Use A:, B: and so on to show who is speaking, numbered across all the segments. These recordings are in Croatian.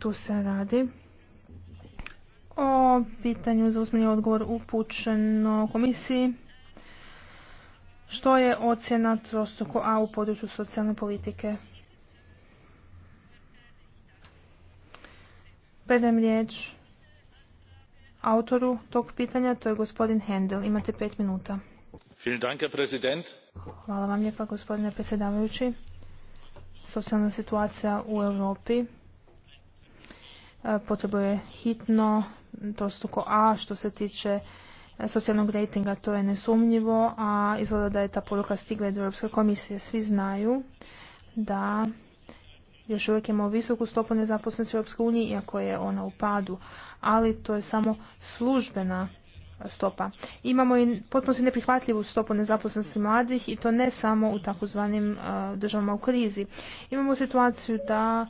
A: Tu se radi o pitanju za usmeni odgovor upućeno komisiji što je ocjena trostoko A u području socijalne politike. Predajem riječ autoru tog pitanja, to je gospodin Hendel. Imate pet minuta. Hvala vam lijepa gospodine predsjedavajući. Socijalna situacija u Europi E, potrebuje hitno to A što se tiče e, socijalnog rejtinga, to je nesumnjivo, a izgleda da je ta poruka stigla i do Europske komisije. Svi znaju da još uvijek imamo visoku stopu nezaposlenosti u Europskoj uniji, iako je ona u padu, ali to je samo službena stopa. Imamo i potpuno se neprihvatljivu stopu nezaposlenosti mladih i to ne samo u takozvanim e, državama u krizi. Imamo situaciju da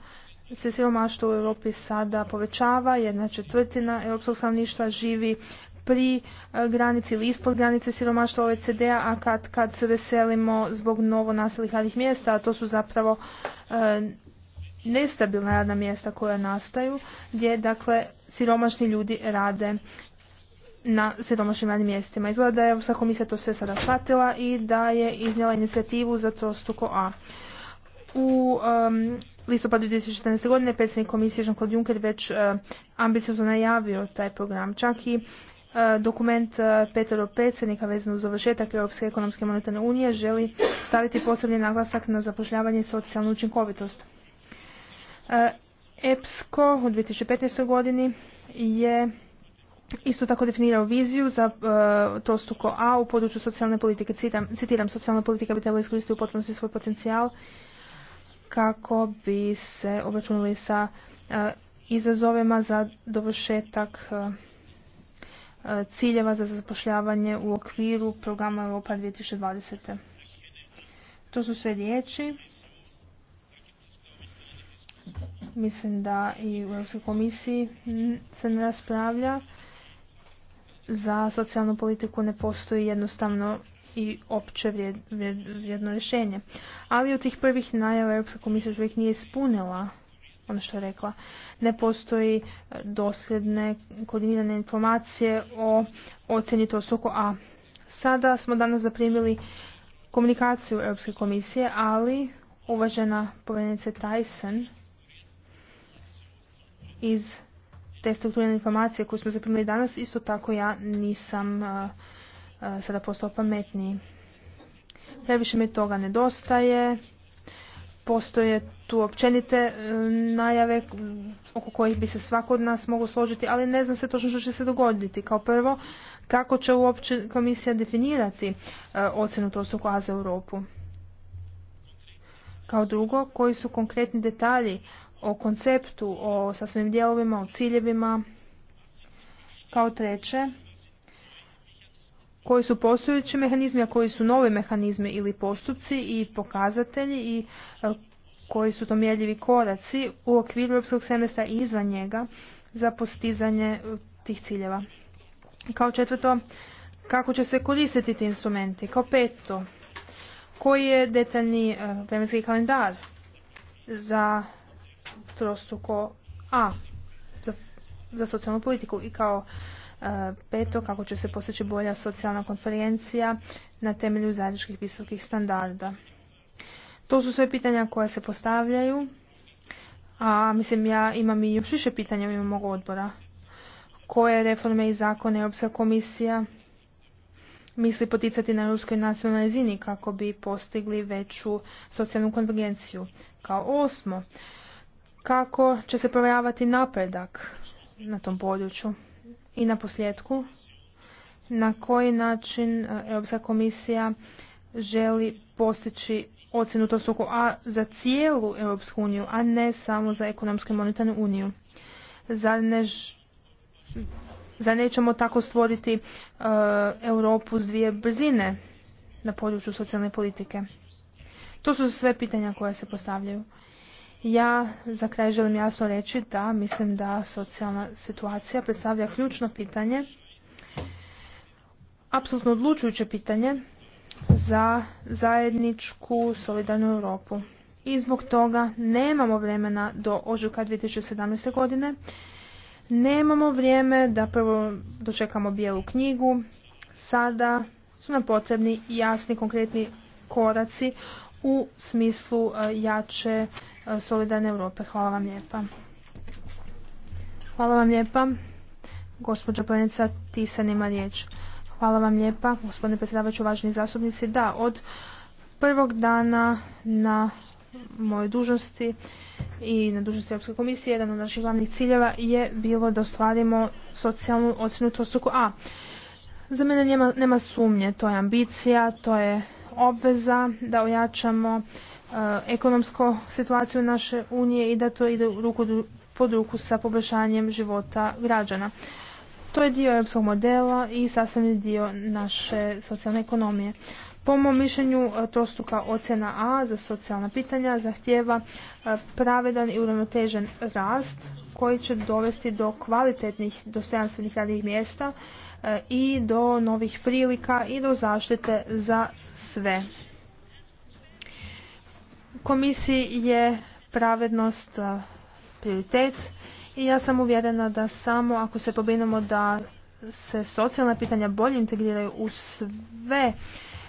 A: se siromaštvo u Europi sada povećava, jedna četvrtina europskog stanovništva živi pri e, granici ili ispod granice siromaštva OECD-a, a kad, kad se veselimo zbog novo nastalih radnih mjesta, a to su zapravo e, nestabilna radna mjesta koja nastaju, gdje dakle siromašni ljudi rade na siromašnim radnim mjestima. Izgleda da je Europska komisija to sve sada shvatila i da je iznijela inicijativu za trostuko A. U listopadu 2014. godine predsjednik komisije Jean-Claude Juncker već e, ambiciozno najavio taj program. Čak i e, dokument e, Petero predsjednika vezan uz završetak Europske ekonomske monetarne unije želi staviti posebni naglasak na zapošljavanje i socijalnu učinkovitost. EPSCO u 2015. godini je isto tako definirao viziju za uh, trostuko A u području socijalne politike. Citam, citiram, socijalna politika bi trebala iskoristiti u potpunosti svoj potencijal kako bi se obračunili sa e, izazovima za dovršetak e, e, ciljeva za zapošljavanje u okviru programa Europa 2020. To su sve riječi. Mislim da i u Europskoj komisiji se ne raspravlja. Za socijalnu politiku ne postoji jednostavno i opće vrijedno rješenje. Ali od tih prvih najava Europska komisija još uvijek nije ispunila ono što je rekla. Ne postoji e, dosljedne koordinirane informacije o ocjeni to A. Sada smo danas zaprimili komunikaciju Europske komisije, ali uvažena povjerenica Tyson iz te strukturne informacije koje smo zaprimili danas, isto tako ja nisam e, sada postao pametniji. Previše mi toga nedostaje. Postoje tu općenite e, najave oko kojih bi se svako od nas mogu složiti, ali ne znam se točno što će se dogoditi. Kao prvo, kako će uopće komisija definirati e, ocjenu koja za Europu? Kao drugo, koji su konkretni detalji o konceptu, o sasvim dijelovima, o ciljevima? Kao treće, koji su postojeći mehanizmi, a koji su novi mehanizmi ili postupci i pokazatelji i e, koji su to mjerljivi koraci u okviru europskog semestra i izvan njega za postizanje e, tih ciljeva. Kao četvrto, kako će se koristiti ti instrumenti? Kao peto, koji je detaljni e, vremenski kalendar za trostruko A, za, za socijalnu politiku i kao Peto, kako će se postići bolja socijalna konferencija na temelju zajedničkih visokih standarda. To su sve pitanja koja se postavljaju, a mislim ja imam i još više pitanja u mog odbora. Koje reforme i zakone Europska komisija misli poticati na ruskoj nacionalnoj razini kako bi postigli veću socijalnu konvergenciju. Kao osmo, kako će se provjavati napredak na tom području? I na posljedku, na koji način e, Europska komisija želi postići ocjenu to suku A za cijelu Europsku uniju, a ne samo za ekonomsku i monetarnu uniju. Zar, nećemo tako stvoriti e, Europu s dvije brzine na području socijalne politike? To su sve pitanja koja se postavljaju. Ja za kraj želim jasno reći da mislim da socijalna situacija predstavlja ključno pitanje, apsolutno odlučujuće pitanje za zajedničku solidarnu Europu. I zbog toga nemamo vremena do ožujka 2017. godine, nemamo vrijeme da prvo dočekamo bijelu knjigu, sada su nam potrebni jasni, konkretni koraci u smislu e, jače solidarne Europe. Hvala vam lijepa. Hvala vam lijepa. Gospođa Plenica Tisan ima riječ. Hvala vam lijepa, gospodine predsjedavajući, uvaženi zastupnici. Da, od prvog dana na moje dužnosti i na dužnosti Europske komisije, jedan od naših glavnih ciljeva je bilo da ostvarimo socijalnu ocjenu trostruku A. Za mene nema, nema sumnje, to je ambicija, to je obveza da ojačamo E, ekonomsko situaciju naše unije i da to ide ruku pod ruku sa poboljšanjem života građana. To je dio europskog modela i sasvim dio naše socijalne ekonomije. Po mom mišljenju e, trostuka ocjena A za socijalna pitanja zahtjeva e, pravedan i uravnotežen rast koji će dovesti do kvalitetnih dostojanstvenih radnih mjesta i do novih prilika i do zaštite za sve. Komisiji je pravednost prioritet i ja sam uvjerena da samo ako se pobrinemo da se socijalna pitanja bolje integriraju u sve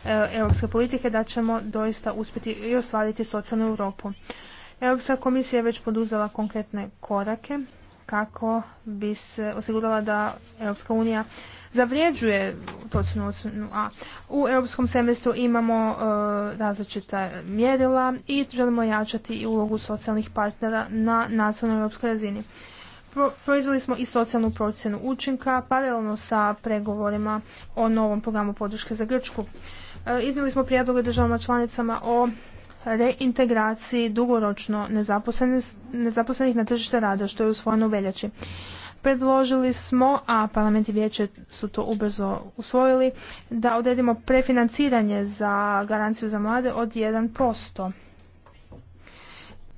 A: e, europske politike da ćemo doista uspjeti i ostvariti socijalnu Europu. Europska komisija je već poduzela konkretne korake kako bi se osigurala da Europska unija zavrijeđuje točnu ocjenu A. U europskom semestru imamo e, različita mjerila i želimo jačati i ulogu socijalnih partnera na nacionalnoj europskoj razini. Pro, proizveli smo i socijalnu procjenu učinka paralelno sa pregovorima o novom programu podrške za Grčku. E, iznijeli smo prijedloge državama članicama o reintegraciji dugoročno nezaposlenih na tržište rada, što je usvojeno u veljači. Predložili smo, a parlament i vijeće su to ubrzo usvojili, da odredimo prefinanciranje za garanciju za mlade od 1%.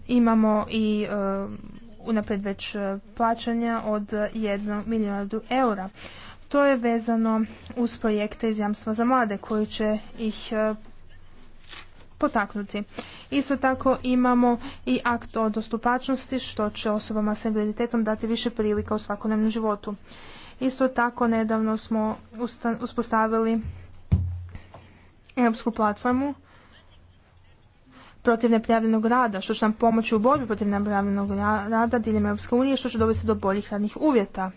A: Imamo i e, unaprijed već e, plaćanja od 1 milijardu eura. To je vezano uz projekte iz jamstva za mlade koji će ih e, potaknuti. Isto tako imamo i akt o dostupačnosti što će osobama s invaliditetom dati više prilika u svakodnevnom životu. Isto tako nedavno smo uspostavili europsku platformu protiv neprijavljenog rada, što će nam pomoći u borbi protiv neprijavljenog rada diljem Europske unije, što će dovesti do boljih radnih uvjeta.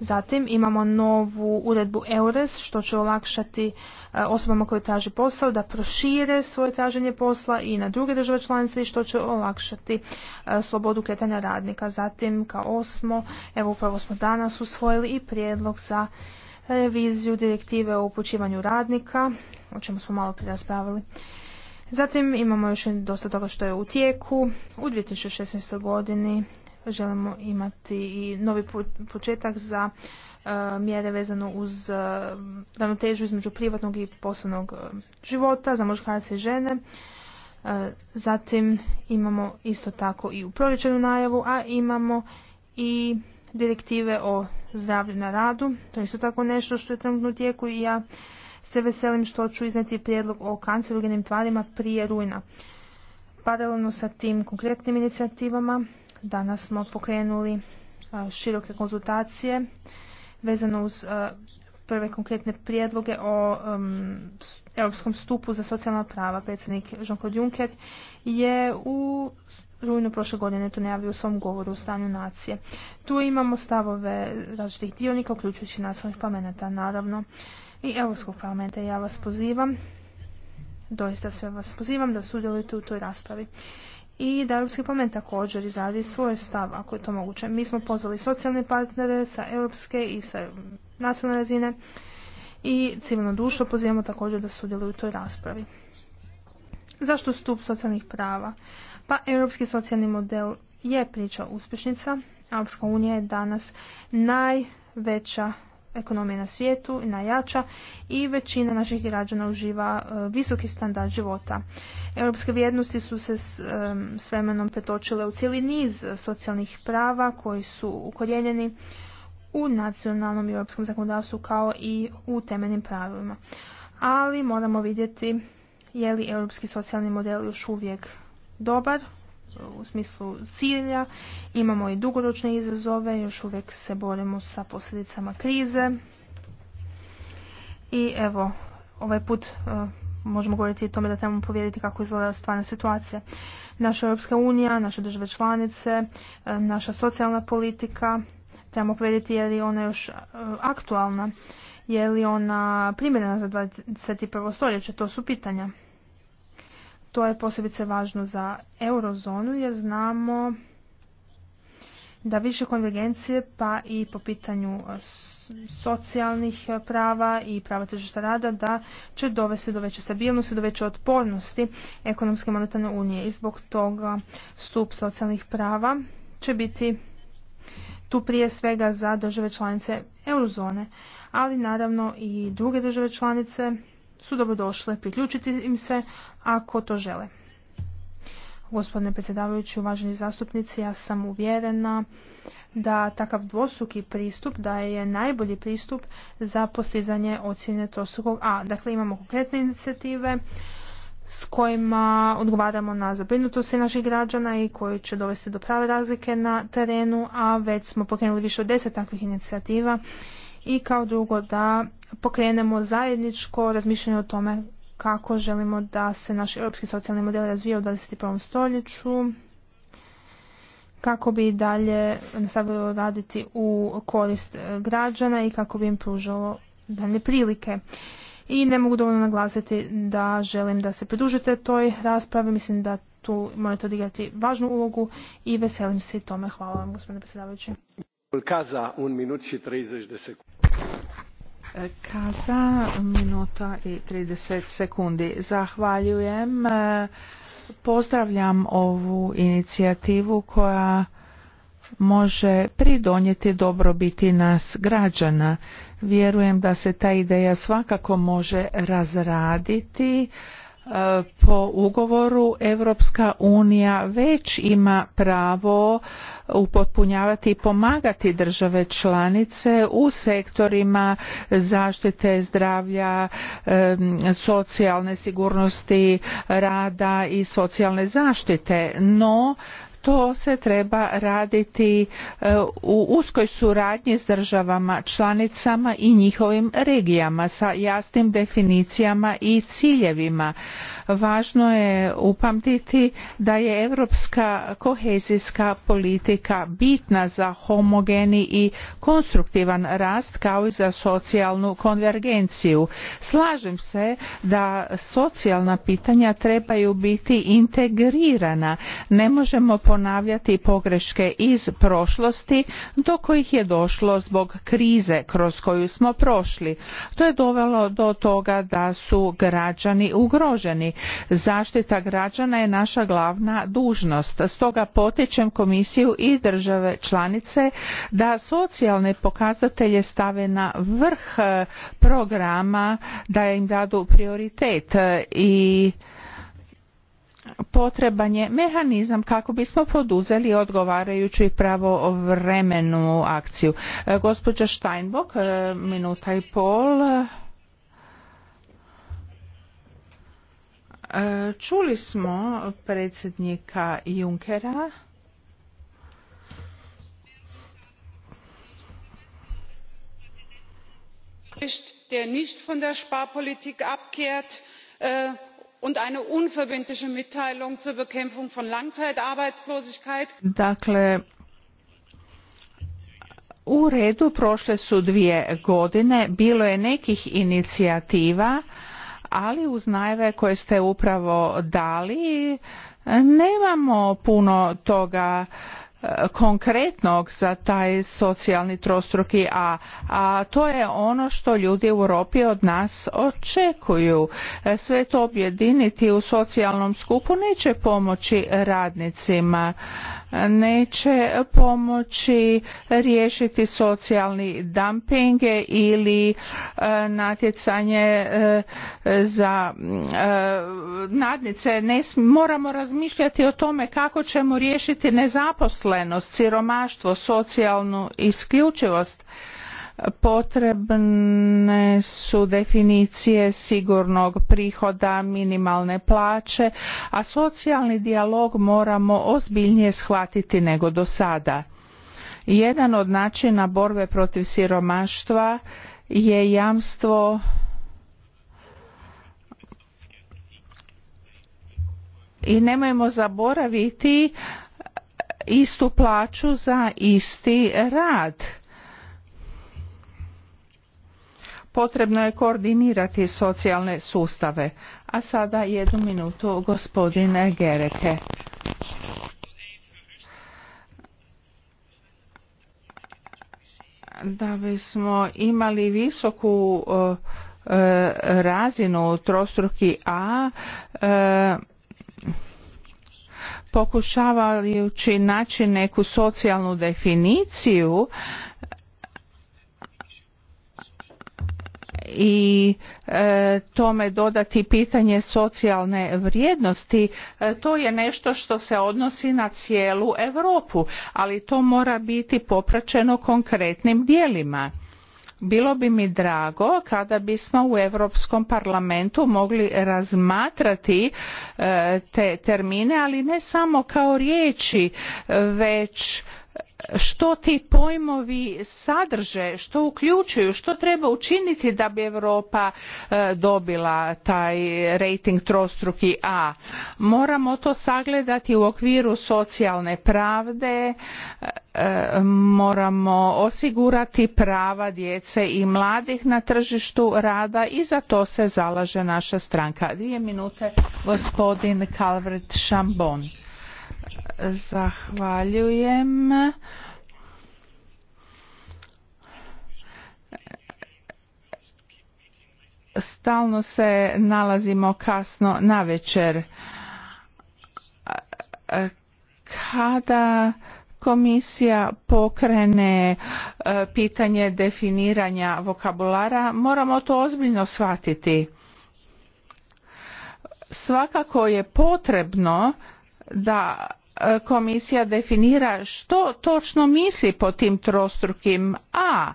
A: Zatim imamo novu uredbu EURES što će olakšati e, osobama koje traže posao da prošire svoje traženje posla i na druge države članice što će olakšati e, slobodu kretanja radnika. Zatim kao osmo, evo upravo smo danas usvojili i prijedlog za reviziju direktive o upućivanju radnika, o čemu smo malo prije raspravili. Zatim imamo još dosta toga što je u tijeku. U 2016. godini želimo imati i novi početak za e, mjere vezano uz e, ravnotežu između privatnog i poslovnog e, života za muškarce i žene. Zatim imamo isto tako i u proljećenu najavu, a imamo i direktive o zdravlju na radu. To je isto tako nešto što je trenutno u tijeku i ja se veselim što ću izneti prijedlog o kancerogenim tvarima prije rujna. Paralelno sa tim konkretnim inicijativama Danas smo pokrenuli široke konzultacije vezano uz prve konkretne prijedloge o um, Europskom stupu za socijalna prava. Predsjednik Jean-Claude Juncker je u rujnu prošle godine to najavio u svom govoru u stanju nacije. Tu imamo stavove različitih dionika, uključujući nacionalnih parlamenta, naravno, i Europskog parlamenta. Ja vas pozivam, doista sve vas pozivam da sudjelujete u toj raspravi i da Europski parlament također izradi svoj stav ako je to moguće. Mi smo pozvali socijalne partnere sa europske i sa nacionalne razine i civilno društvo pozivamo također da sudjeluju u toj raspravi. Zašto stup socijalnih prava? Pa europski socijalni model je priča uspješnica. Europska unija je danas najveća ekonomije na svijetu i najjača i većina naših građana uživa e, visoki standard života. Europske vrijednosti su se e, s vremenom pretočile u cijeli niz socijalnih prava koji su ukorijenjeni u nacionalnom i europskom zakonodavstvu kao i u temeljnim pravima. Ali moramo vidjeti je li europski socijalni model još uvijek dobar u smislu cilja, imamo i dugoročne izazove, još uvijek se borimo sa posljedicama krize. I evo, ovaj put e, možemo govoriti o tome da trebamo povjeriti kako izgleda stvarna situacija. Naša Europska unija, naše države članice, e, naša socijalna politika, trebamo povjeriti je li ona još e, aktualna, je li ona primjerena za 21. stoljeće, to su pitanja. To je posebice važno za eurozonu jer znamo da više konvergencije pa i po pitanju socijalnih prava i prava tržišta rada da će dovesti do veće stabilnosti, do veće otpornosti ekonomske monetarne unije i zbog toga stup socijalnih prava će biti tu prije svega za države članice eurozone, ali naravno i druge države članice su dobrodošle priključiti im se ako to žele. Gospodine predsjedavajući, uvaženi zastupnici, ja sam uvjerena da takav dvosuki pristup da je najbolji pristup za postizanje ocjene trostrukog A. Dakle, imamo konkretne inicijative s kojima odgovaramo na zabrinutosti naših građana i koji će dovesti do prave razlike na terenu, a već smo pokrenuli više od deset takvih inicijativa i kao drugo da pokrenemo zajedničko razmišljanje o tome kako želimo da se naš europski socijalni model razvija u 21. stoljeću kako bi dalje nastavilo raditi u korist građana i kako bi im pružalo dalje prilike. I ne mogu dovoljno naglasiti da želim da se pridužite toj raspravi. Mislim da tu morate odigrati važnu ulogu i veselim se i tome. Hvala vam, gospodine predsjedavajući. Kaza,
B: minuta i 30 sekundi. Zahvaljujem. Pozdravljam ovu inicijativu koja može pridonijeti dobrobiti nas građana. Vjerujem da se ta ideja svakako može razraditi po ugovoru Europska unija već ima pravo upotpunjavati i pomagati države članice u sektorima zaštite zdravlja, socijalne sigurnosti, rada i socijalne zaštite, no to se treba raditi e, u uskoj suradnji s državama članicama i njihovim regijama sa jasnim definicijama i ciljevima Važno je upamtiti da je europska kohezijska politika bitna za homogeni i konstruktivan rast kao i za socijalnu konvergenciju. Slažem se da socijalna pitanja trebaju biti integrirana. Ne možemo ponavljati pogreške iz prošlosti do kojih je došlo zbog krize kroz koju smo prošli. To je dovelo do toga da su građani ugroženi. Zaštita građana je naša glavna dužnost. Stoga potičem komisiju i države članice da socijalne pokazatelje stave na vrh e, programa, da im dadu prioritet e, i potreban je mehanizam kako bismo poduzeli odgovarajuću i pravovremenu akciju. E, gospođa Steinbock, minuta i pol. E, čuli smo predsjednika Junkera der nicht von der sparpolitik abkehrt äh, und eine unverbindliche mitteilung zur bekämpfung von langzeitarbeitslosigkeit. dakle u redu prošle su dvije godine bilo je nekih inicijativa ali uz najve koje ste upravo dali nemamo puno toga e, konkretnog za taj socijalni trostruki a a to je ono što ljudi u europi od nas očekuju e, sve to objediniti u socijalnom skupu neće pomoći radnicima neće pomoći riješiti socijalni dumping ili e, natjecanje e, za e, nadnice. Ne, moramo razmišljati o tome kako ćemo riješiti nezaposlenost, siromaštvo, socijalnu isključivost potrebne su definicije sigurnog prihoda minimalne plaće a socijalni dijalog moramo ozbiljnije shvatiti nego do sada jedan od načina borbe protiv siromaštva je jamstvo i nemojmo zaboraviti istu plaću za isti rad Potrebno je koordinirati socijalne sustave. A sada jednu minutu gospodine Gereke. Da bismo imali visoku e, razinu trostruki A e, pokušavajući naći neku socijalnu definiciju i e, tome dodati pitanje socijalne vrijednosti e, to je nešto što se odnosi na cijelu Europu ali to mora biti popraćeno konkretnim djelima bilo bi mi drago kada bismo u europskom parlamentu mogli razmatrati e, te termine ali ne samo kao riječi već što ti pojmovi sadrže, što uključuju, što treba učiniti da bi Europa e, dobila taj rating trostruki A. Moramo to sagledati u okviru socijalne pravde, e, moramo osigurati prava djece i mladih na tržištu rada i za to se zalaže naša stranka. Dvije minute gospodin Calvert chambon Zahvaljujem. Stalno se nalazimo kasno na večer. Kada komisija pokrene e, pitanje definiranja vokabulara, moramo to ozbiljno shvatiti. Svakako je potrebno da e, komisija definira što točno misli po tim trostrukim a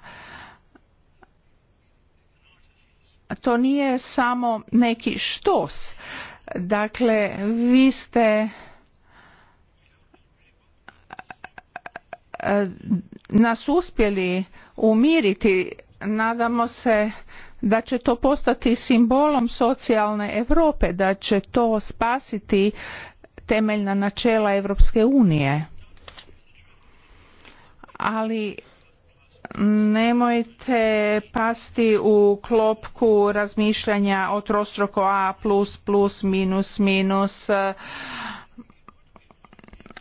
B: to nije samo neki štos dakle vi ste e, nas uspjeli umiriti nadamo se da će to postati simbolom socijalne europe da će to spasiti temeljna načela Europske unije. Ali nemojte pasti u klopku razmišljanja o trostroko A plus plus minus minus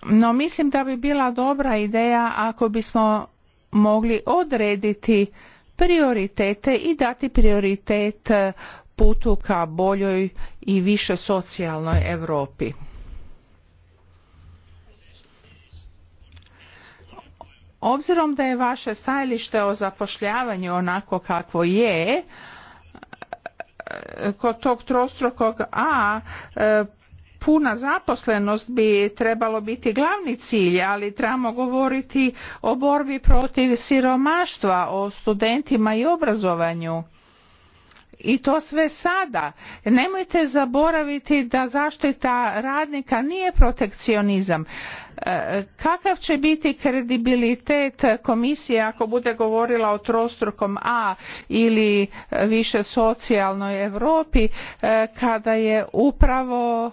B: no mislim da bi bila dobra ideja ako bismo mogli odrediti prioritete i dati prioritet putu ka boljoj i više socijalnoj Europi. Obzirom da je vaše stajalište o zapošljavanju onako kakvo je, e, kod tog trostrokog A e, puna zaposlenost bi trebalo biti glavni cilj, ali trebamo govoriti o borbi protiv siromaštva, o studentima i obrazovanju i to sve sada. Nemojte zaboraviti da zaštita radnika nije protekcionizam. Kakav će biti kredibilitet komisije ako bude govorila o trostrukom A ili više socijalnoj Europi e, kada je upravo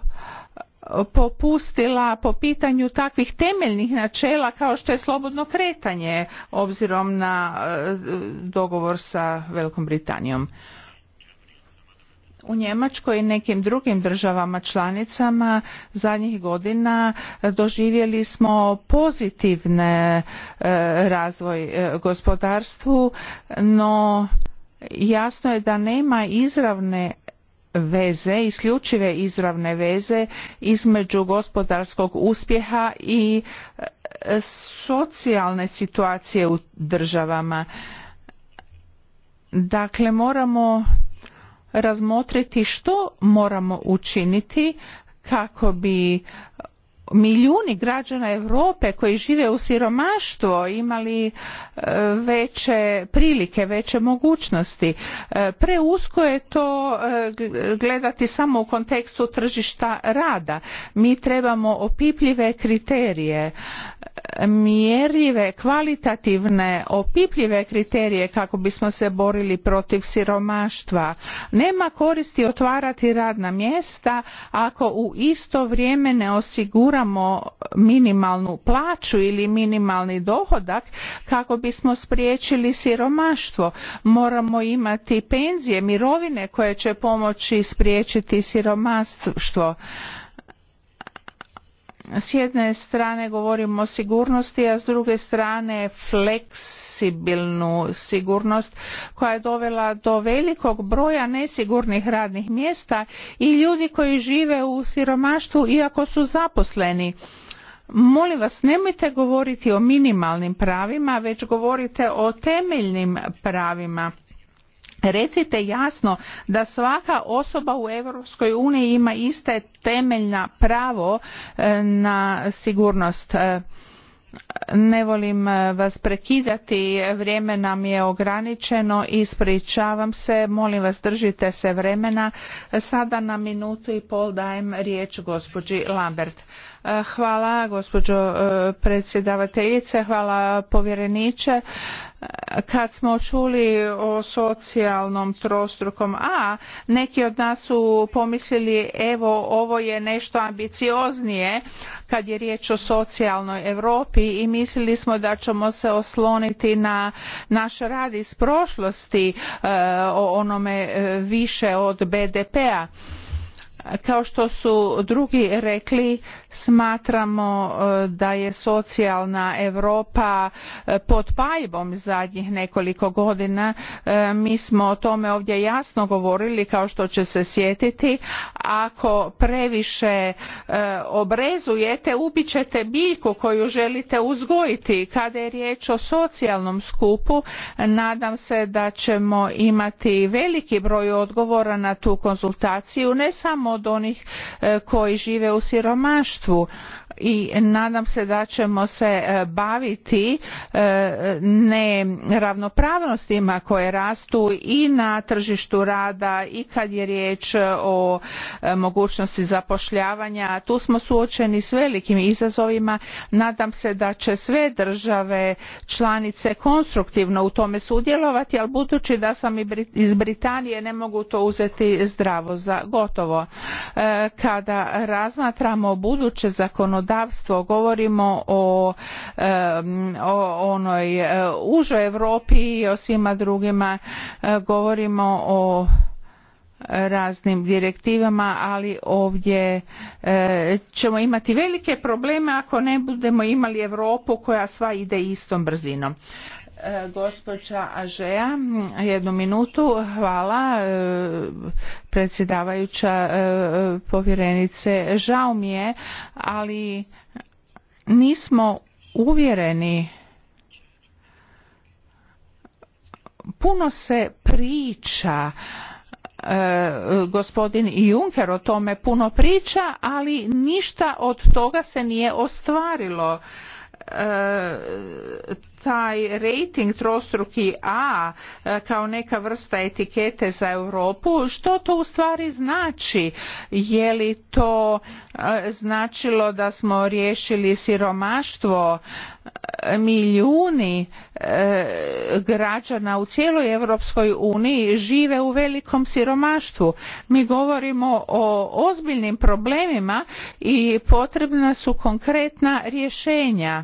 B: popustila po pitanju takvih temeljnih načela kao što je slobodno kretanje obzirom na e, dogovor sa Velikom Britanijom. U Njemačkoj i nekim drugim državama članicama zadnjih godina doživjeli smo pozitivne e, razvoj e, gospodarstvu, no jasno je da nema izravne veze, isključive izravne veze između gospodarskog uspjeha i e, socijalne situacije u državama. Dakle, moramo razmotriti što moramo učiniti kako bi milijuni građana Europe koji žive u siromaštvu imali e, veće prilike, veće mogućnosti. E, preusko je to e, gledati samo u kontekstu tržišta rada. Mi trebamo opipljive kriterije mjerljive kvalitativne opipljive kriterije kako bismo se borili protiv siromaštva nema koristi otvarati radna mjesta ako u isto vrijeme ne osiguramo minimalnu plaću ili minimalni dohodak kako bismo spriječili siromaštvo moramo imati penzije mirovine koje će pomoći spriječiti siromaštvo s jedne strane govorimo o sigurnosti, a s druge strane fleksibilnu sigurnost koja je dovela do velikog broja nesigurnih radnih mjesta i ljudi koji žive u siromaštvu iako su zaposleni. Molim vas, nemojte govoriti o minimalnim pravima, već govorite o temeljnim pravima Recite jasno da svaka osoba u Europskoj uniji ima ista temeljna pravo e, na sigurnost. E, ne volim e, vas prekidati, vrijeme nam je ograničeno, ispričavam se, molim vas držite se vremena. Sada na minutu i pol dajem riječ gospođi Lambert. E, hvala gospođo e, predsjedavateljice, hvala povjereniče. E, kad smo čuli o socijalnom trostrukom A, neki od nas su pomislili evo ovo je nešto ambicioznije kad je riječ o socijalnoj Europi i mislili smo da ćemo se osloniti na naš rad iz prošlosti o onome više od BDP-a kao što su drugi rekli, smatramo e, da je socijalna Europa e, pod paljbom zadnjih nekoliko godina. E, mi smo o tome ovdje jasno govorili kao što će se sjetiti. Ako previše obrezujete, ubit ćete biljku koju želite uzgojiti. Kada je riječ o socijalnom skupu, nadam se da ćemo imati veliki broj odgovora na tu konzultaciju, ne samo od onih e, koji žive u siromaštvu i nadam se da ćemo se e, baviti e, neravnopravnostima koje rastu i na tržištu rada i kad je riječ o e, mogućnosti zapošljavanja. Tu smo suočeni s velikim izazovima. Nadam se da će sve države članice konstruktivno u tome sudjelovati, ali budući da sam iz Britanije ne mogu to uzeti zdravo za gotovo. Kada razmatramo buduće zakonodavstvo zakonodavstvo govorimo o, onoj e, užoj europi i o svima drugima e, govorimo o raznim direktivama ali ovdje e, ćemo imati velike probleme ako ne budemo imali europu koja sva ide istom brzinom E, gospođa Ažeja, jednu minutu. Hvala e, predsjedavajuća e, povjerenice. Žao mi je, ali nismo uvjereni puno se priča gospodin Juncker o tome puno priča ali ništa od toga se nije ostvarilo taj rating trostruki A e, kao neka vrsta etikete za Europu, što to u stvari znači? Je li to e, značilo da smo riješili siromaštvo e, milijuni građana u cijeloj Europskoj uniji žive u velikom siromaštvu. Mi govorimo o ozbiljnim problemima i potrebna su konkretna rješenja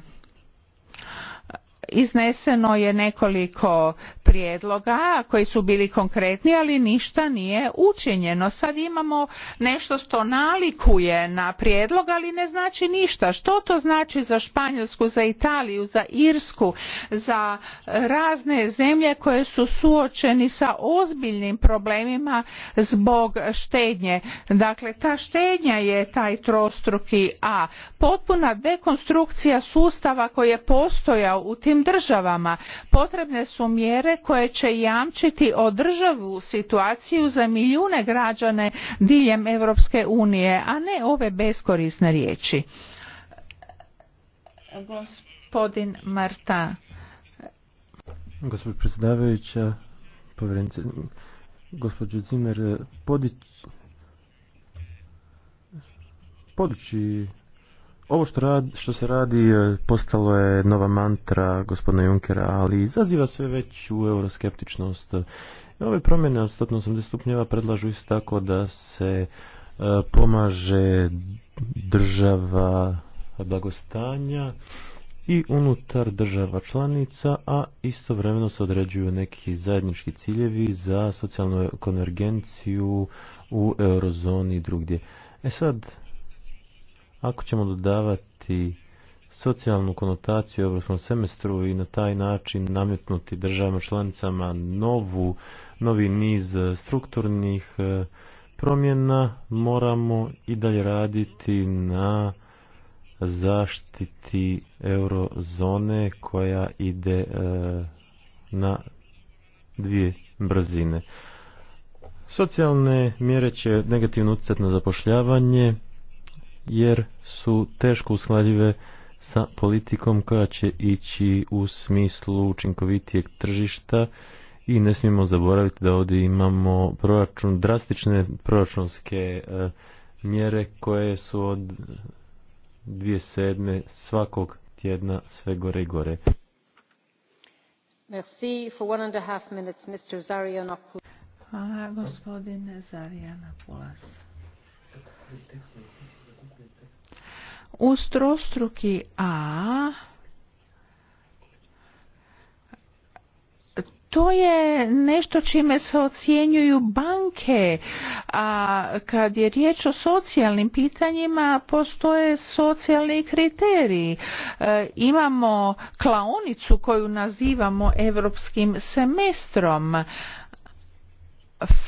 B: Izneseno je nekoliko prijedloga koji su bili konkretni, ali ništa nije učinjeno. Sad imamo nešto što nalikuje na prijedlog, ali ne znači ništa. Što to znači za Španjolsku, za Italiju, za Irsku, za razne zemlje koje su suočeni sa ozbiljnim problemima zbog štednje. Dakle, ta štednja je taj trostruki A. Potpuna dekonstrukcija sustava koji je postojao u tim državama. Potrebne su mjere koje će jamčiti održavu situaciju za milijune građane diljem Europske unije, a ne ove beskorisne riječi. Gospodin Marta.
C: Gospodin predsjedavajuća, povjerenice, gospođo Cimer, podići ovo što, što se radi e, postalo je nova mantra gospodina Junkera, ali izaziva sve u euroskeptičnost. E, ove promjene od 180 stupnjeva predlažu isto tako da se e, pomaže država blagostanja i unutar država članica, a istovremeno se određuju neki zajednički ciljevi za socijalnu konvergenciju u eurozoni i drugdje. E sad, ako ćemo dodavati socijalnu konotaciju u europskom semestru i na taj način nametnuti državama članicama novu, novi niz e, strukturnih e, promjena, moramo i dalje raditi na zaštiti eurozone koja ide e, na dvije brzine. Socijalne mjere će negativno utjecati na zapošljavanje, jer su teško usklađive sa politikom koja će ići u smislu učinkovitijeg tržišta i ne smijemo zaboraviti da ovdje imamo proračun, drastične proračunske e, mjere koje su od dvije sedme svakog tjedna sve gore i gore.
A: Merci for one and a half minutes, Mr.
B: Hvala, gospodine Zarianopoulos. Uz trostruki A to je nešto čime se ocjenjuju banke, a kad je riječ o socijalnim pitanjima postoje socijalni kriteriji. E, imamo klaonicu koju nazivamo europskim semestrom,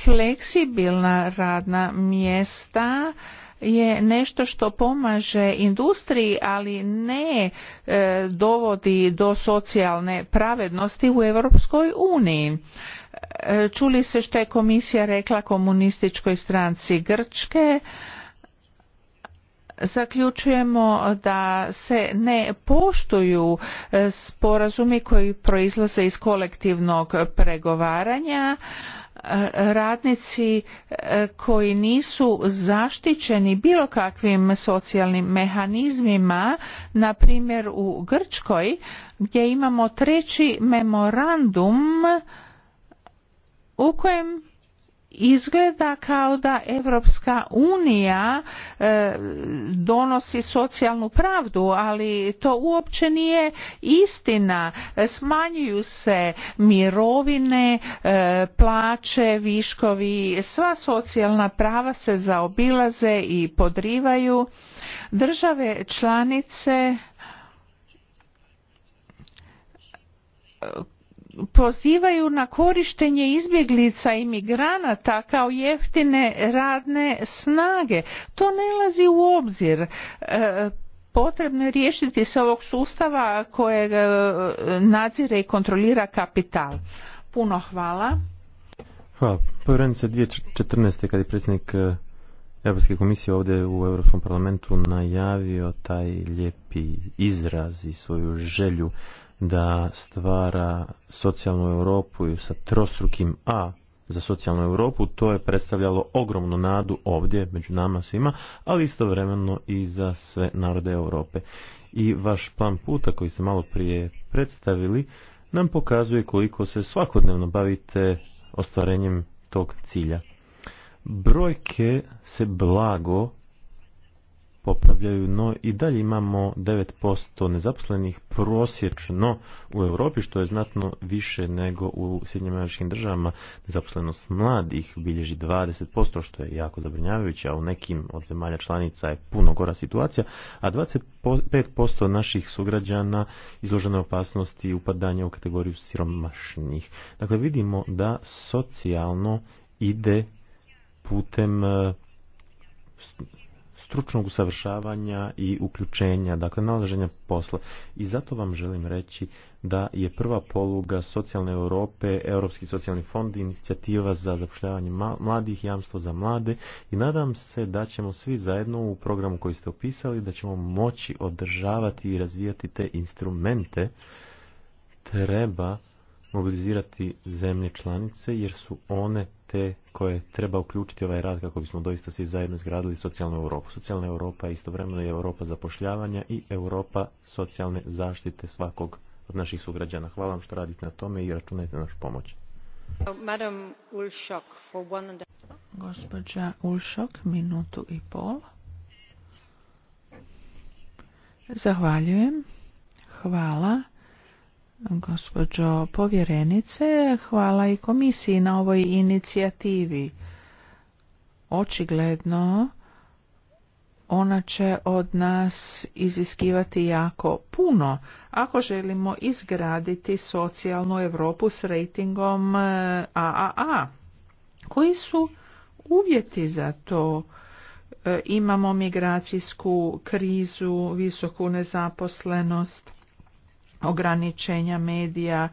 B: fleksibilna radna mjesta, je nešto što pomaže industriji, ali ne e, dovodi do socijalne pravednosti u Europskoj uniji. E, čuli se što je komisija rekla komunističkoj stranci Grčke, zaključujemo da se ne poštuju e, sporazumi koji proizlaze iz kolektivnog pregovaranja radnici e, koji nisu zaštićeni bilo kakvim socijalnim mehanizmima na primjer u Grčkoj gdje imamo treći memorandum u kojem izgleda kao da Europska unija e, donosi socijalnu pravdu, ali to uopće nije istina. Smanjuju se mirovine, e, plaće, viškovi, sva socijalna prava se zaobilaze i podrivaju. Države članice pozivaju na korištenje izbjeglica i migranata kao jeftine radne snage. To ne lazi u obzir. E, potrebno je riješiti se ovog sustava kojeg e, nadzire i kontrolira kapital. Puno hvala.
C: Hvala. Povjerenica 2014. kad je predsjednik e, Europske komisije ovdje u Europskom parlamentu najavio taj lijepi izraz i svoju želju da stvara socijalnu Europu sa trostrukim A za socijalnu Europu, to je predstavljalo ogromnu nadu ovdje među nama svima, ali istovremeno i za sve narode Europe. I vaš plan puta koji ste malo prije predstavili nam pokazuje koliko se svakodnevno bavite ostvarenjem tog cilja. Brojke se blago popravljaju, no i dalje imamo 9% nezaposlenih prosječno u Europi, što je znatno više nego u Sjednjim američkim državama. Nezaposlenost mladih bilježi 20%, što je jako zabrinjavajuće, a u nekim od zemalja članica je puno gora situacija, a 25% naših sugrađana izloženo opasnosti upadanja u kategoriju siromašnih. Dakle, vidimo da socijalno ide putem eh, stručnog usavršavanja i uključenja, dakle nalaženja posla. I zato vam želim reći da je prva poluga socijalne Europe, Europski socijalni fond, inicijativa za zapošljavanje mladih, jamstvo za mlade i nadam se da ćemo svi zajedno u programu koji ste opisali, da ćemo moći održavati i razvijati te instrumente treba mobilizirati zemlje članice jer su one te koje treba uključiti ovaj rad kako bismo doista svi zajedno izgradili socijalnu Europu. Socijalna Europa je istovremeno i Europa zapošljavanja i Europa socijalne zaštite svakog od naših sugrađana. Hvala vam što radite na tome i računajte našu pomoć.
B: Gospođa Ulšok, minutu i pol. Zahvaljujem. Hvala. Gospođo povjerenice, hvala i komisiji na ovoj inicijativi. Očigledno, ona će od nas iziskivati jako puno ako želimo izgraditi socijalnu Europu s rejtingom AAA. E, koji su uvjeti za to? E, imamo migracijsku krizu, visoku nezaposlenost ograničenja medija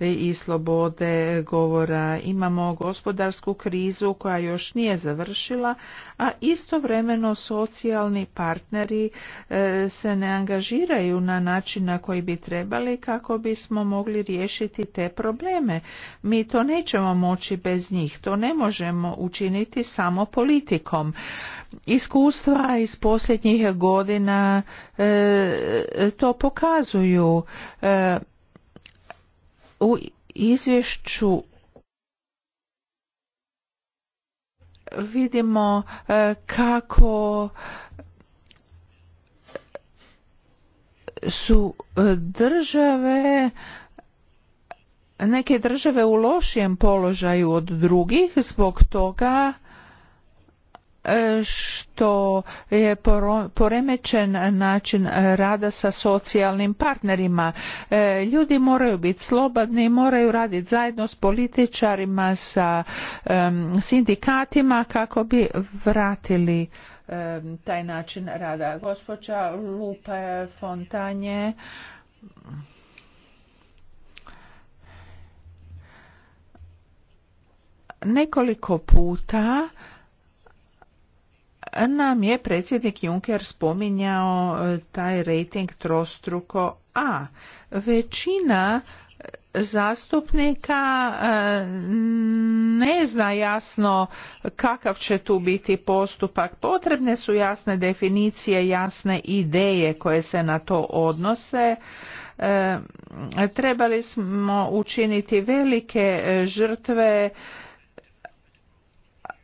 B: i slobode govora. Imamo gospodarsku krizu koja još nije završila, a istovremeno socijalni partneri e, se ne angažiraju na način na koji bi trebali kako bismo mogli riješiti te probleme. Mi to nećemo moći bez njih, to ne možemo učiniti samo politikom. Iskustva iz posljednjih godina e, to pokazuju. E, u izvješću vidimo e, kako su države neke države u lošijem položaju od drugih zbog toga što je poremećen način rada sa socijalnim partnerima. E, ljudi moraju biti slobodni, moraju raditi zajedno s političarima, sa sindikatima kako bi vratili taj način rada. Gospođa Lupe Fontanje nekoliko puta nam je predsjednik Juncker spominjao e, taj rating trostruko A. Većina e, zastupnika e, ne zna jasno kakav će tu biti postupak. Potrebne su jasne definicije, jasne ideje koje se na to odnose. Trebali smo učiniti velike žrtve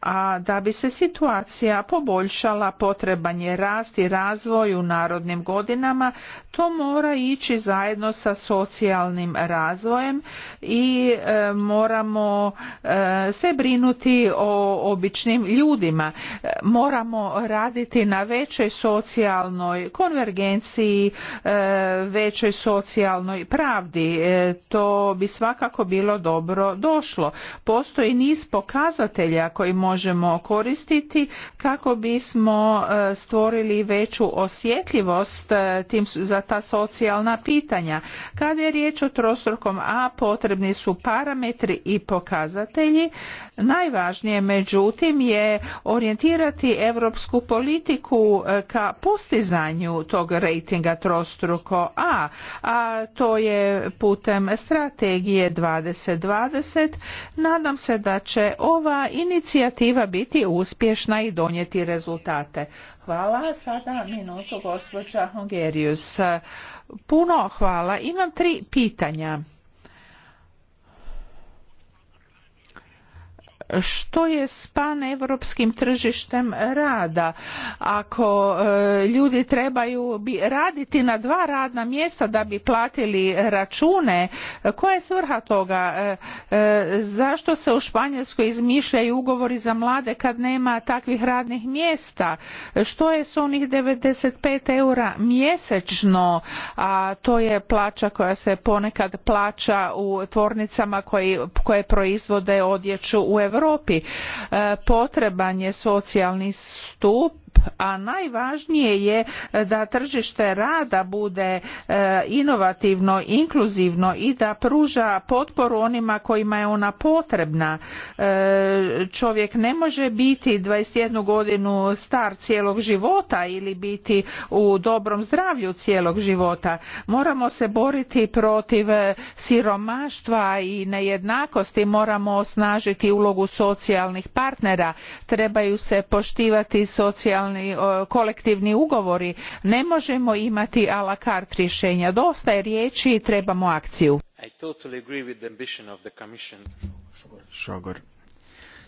B: a da bi se situacija poboljšala potreban je rast i razvoj u narodnim godinama to mora ići zajedno sa socijalnim razvojem i e, moramo e, se brinuti o običnim ljudima e, moramo raditi na većoj socijalnoj konvergenciji većoj socijalnoj pravdi to bi svakako bilo dobro došlo postoji niz pokazatelja koji možemo koristiti kako bismo e, stvorili veću osjetljivost e, tim za ta socijalna pitanja. Kada je riječ o trostrukom A potrebni su parametri i pokazatelji. Najvažnije međutim je orijentirati europsku politiku e, ka postizanju tog rejtinga trostruko A, a to je putem strategije 2020. Nadam se da će ova inicijativa inicijativa biti uspješna i donijeti rezultate. Hvala. Sada minutu gospođa Hongerius. Puno hvala. Imam tri pitanja. Što je s paneuropskim tržištem rada? Ako e, ljudi trebaju raditi na dva radna mjesta da bi platili račune, koja je svrha toga? E, e, zašto se u Španjolskoj izmišljaju ugovori za mlade kad nema takvih radnih mjesta? Što je s onih 95 eura mjesečno, a to je plaća koja se ponekad plaća u tvornicama koje proizvode odjeću u EU. Europi. E, potreban je socijalni stup a najvažnije je e, da tržište rada bude e, inovativno, inkluzivno i da pruža potporu onima kojima je ona potrebna. E, čovjek ne može biti 21 godinu star cijelog života ili biti u dobrom zdravlju cijelog života. Moramo se boriti protiv siromaštva i nejednakosti, moramo osnažiti ulogu socijalnih partnera, trebaju se poštivati socijalne socijalni kolektivni ugovori ne možemo imati a la carte rješenja dosta je riječi i trebamo akciju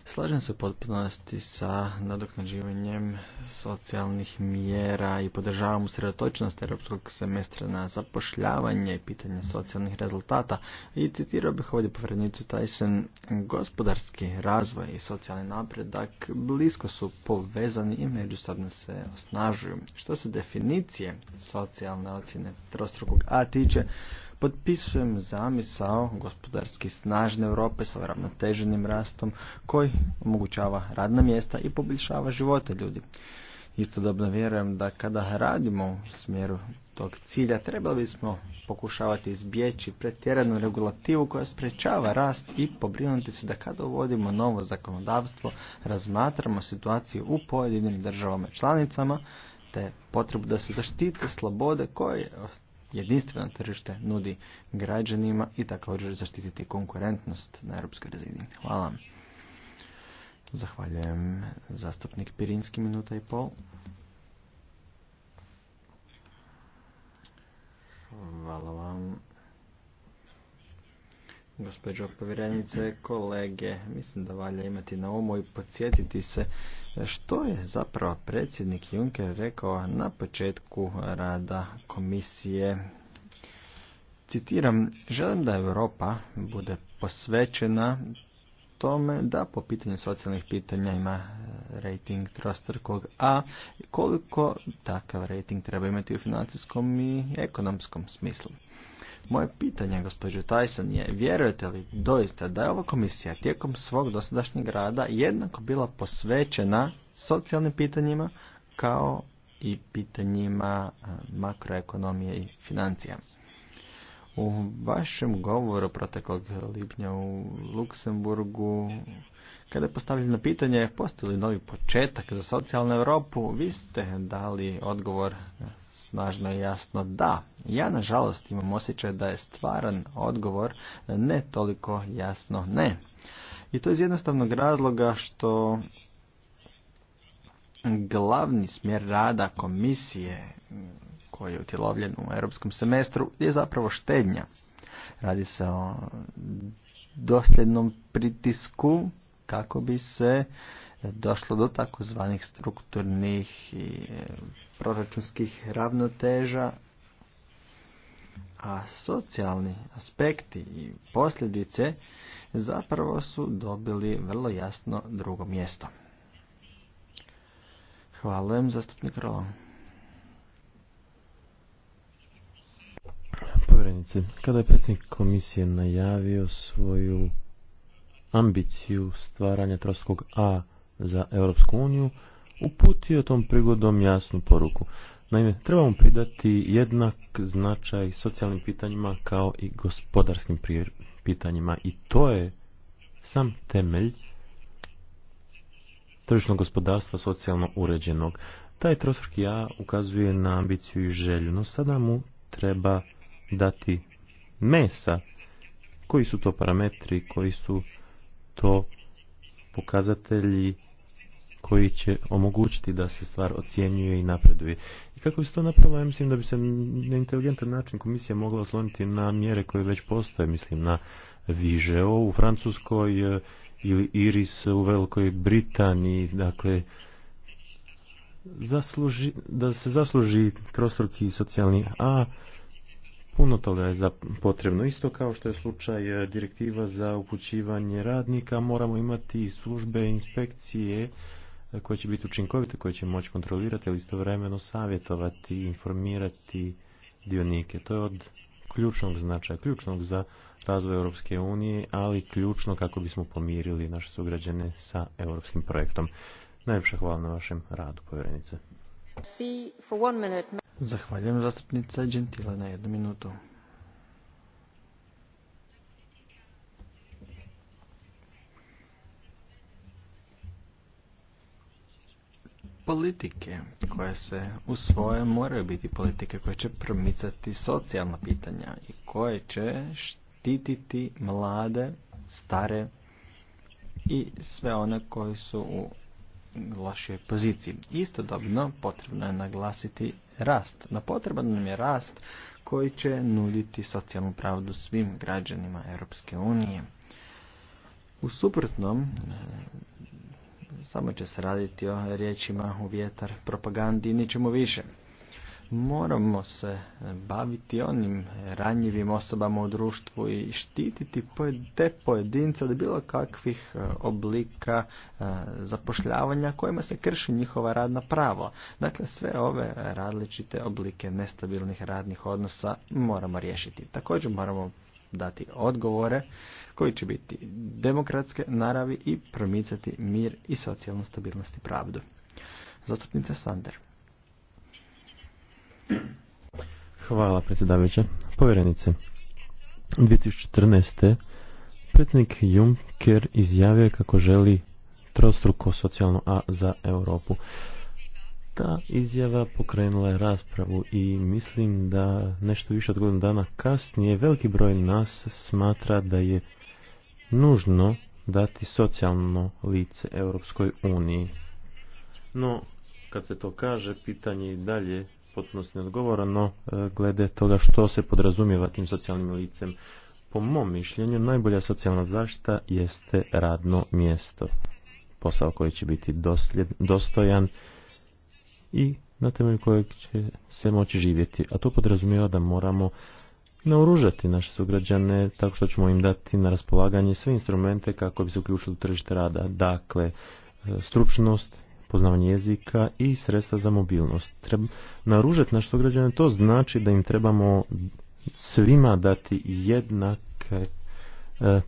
D: Slažem se u potpunosti sa nadoknađivanjem socijalnih mjera i podržavam usredotočnost europskog semestra na zapošljavanje i pitanje socijalnih rezultata. I citirao bih ovdje povrednicu Tyson, gospodarski razvoj i socijalni napredak blisko su povezani i međusobno se osnažuju. Što se definicije socijalne ocjene trostrukog A tiče, Potpisujem zamisao gospodarski snažne Europe sa ravnoteženim rastom koji omogućava radna mjesta i poboljšava živote ljudi. Istodobno vjerujem da kada radimo u smjeru tog cilja trebali bismo pokušavati izbjeći pretjeranu regulativu koja sprečava rast i pobrinuti se da kada uvodimo novo zakonodavstvo razmatramo situaciju u pojedinim državama članicama te potrebu da se zaštite slobode koje jedinstveno tržište nudi građanima i također zaštititi konkurentnost na europskoj razini. Hvala. Zahvaljujem zastupnik Pirinski, minuta i pol. Hvala vam gospođo povjerenice, kolege, mislim da valja imati na umu i podsjetiti se što je zapravo predsjednik Juncker rekao na početku rada komisije. Citiram, želim da Europa bude posvećena tome da po pitanju socijalnih pitanja ima rating trostrkog, A, koliko takav rating treba imati u financijskom i ekonomskom smislu. Moje pitanje, gospođo Tyson, je vjerujete li doista da je ova komisija tijekom svog dosadašnjeg rada jednako bila posvećena socijalnim pitanjima kao i pitanjima e, makroekonomije i financija? U vašem govoru proteklog lipnja u Luksemburgu, kada je postavljeno pitanje postoji li novi početak za socijalnu Europu, vi ste dali odgovor Važno i jasno da. Ja nažalost imam osjećaj da je stvaran odgovor ne toliko jasno ne. I to iz jednostavnog razloga što glavni smjer rada komisije koji je utjelovljen u europskom semestru je zapravo štednja. Radi se o dosljednom pritisku kako bi se došlo do takozvanih strukturnih i e, proračunskih ravnoteža, a socijalni aspekti i posljedice zapravo su dobili vrlo jasno drugo mjesto. Hvala vam, zastupnik Rolo.
C: kada je predsjednik komisije najavio svoju ambiciju stvaranja troskog A za Europsku uniju uputio tom prigodom jasnu poruku. Naime, trebamo pridati jednak značaj socijalnim pitanjima kao i gospodarskim pitanjima i to je sam temelj tržišnog gospodarstva socijalno uređenog. Taj trostruki ja ukazuje na ambiciju i želju, no sada mu treba dati mesa. Koji su to parametri, koji su to pokazatelji koji će omogućiti da se stvar ocjenjuje i napreduje. I kako bi se to napravilo, ja mislim da bi se na inteligentan način komisija mogla osloniti na mjere koje već postoje, mislim na Vižeo u Francuskoj e, ili Iris u Velikoj Britaniji, dakle zasluži, da se zasluži trostruki socijalni A, Puno toga je potrebno. Isto kao što je slučaj e, direktiva za upućivanje radnika, moramo imati službe inspekcije koje će biti učinkovite, koje će moći kontrolirati, ali istovremeno savjetovati i informirati dionike. To je od ključnog značaja, ključnog za razvoj Europske unije, ali ključno kako bismo pomirili naše sugrađane sa europskim projektom. Najljepša hvala na vašem radu, povjerenice.
D: Zahvaljujem zastupnica na jednu minutu. politike koje se usvoje moraju biti politike koje će promicati socijalna pitanja i koje će štititi mlade, stare i sve one koji su u lošoj poziciji. Istodobno potrebno je naglasiti rast. Na potreban nam je rast koji će nuditi socijalnu pravdu svim građanima Europske unije. U suprotnom, samo će se raditi o riječima u vjetar, propagandi i ničemu više. Moramo se baviti onim ranjivim osobama u društvu i štititi te pojedince od bilo kakvih e, oblika e, zapošljavanja kojima se krši njihova radna pravo. Dakle, sve ove različite oblike nestabilnih radnih odnosa moramo riješiti. Također moramo dati odgovore koji će biti demokratske naravi i promicati mir i socijalnu stabilnost i pravdu. Zastupnice Sander.
C: Hvala predsjedavajuća. Povjerenice, 2014. predsjednik Juncker izjavio je kako želi trostruko socijalno A za Europu. Ta izjava pokrenula je raspravu i mislim da nešto više od godinu dana kasnije veliki broj nas smatra da je nužno dati socijalno lice Europskoj uniji. No, kad se to kaže, pitanje i dalje potpuno no e, glede toga što se podrazumijeva tim socijalnim licem. Po mom mišljenju, najbolja socijalna zaštita jeste radno mjesto. Posao koji će biti dostojan i na temelju kojeg će se moći živjeti. A to podrazumijeva da moramo naoružati naše sugrađane tako što ćemo im dati na raspolaganje sve instrumente kako bi se uključili u tržište rada. Dakle, stručnost, poznavanje jezika i sredstva za mobilnost. Treba naružati naše sugrađane, to znači da im trebamo svima dati jednake eh,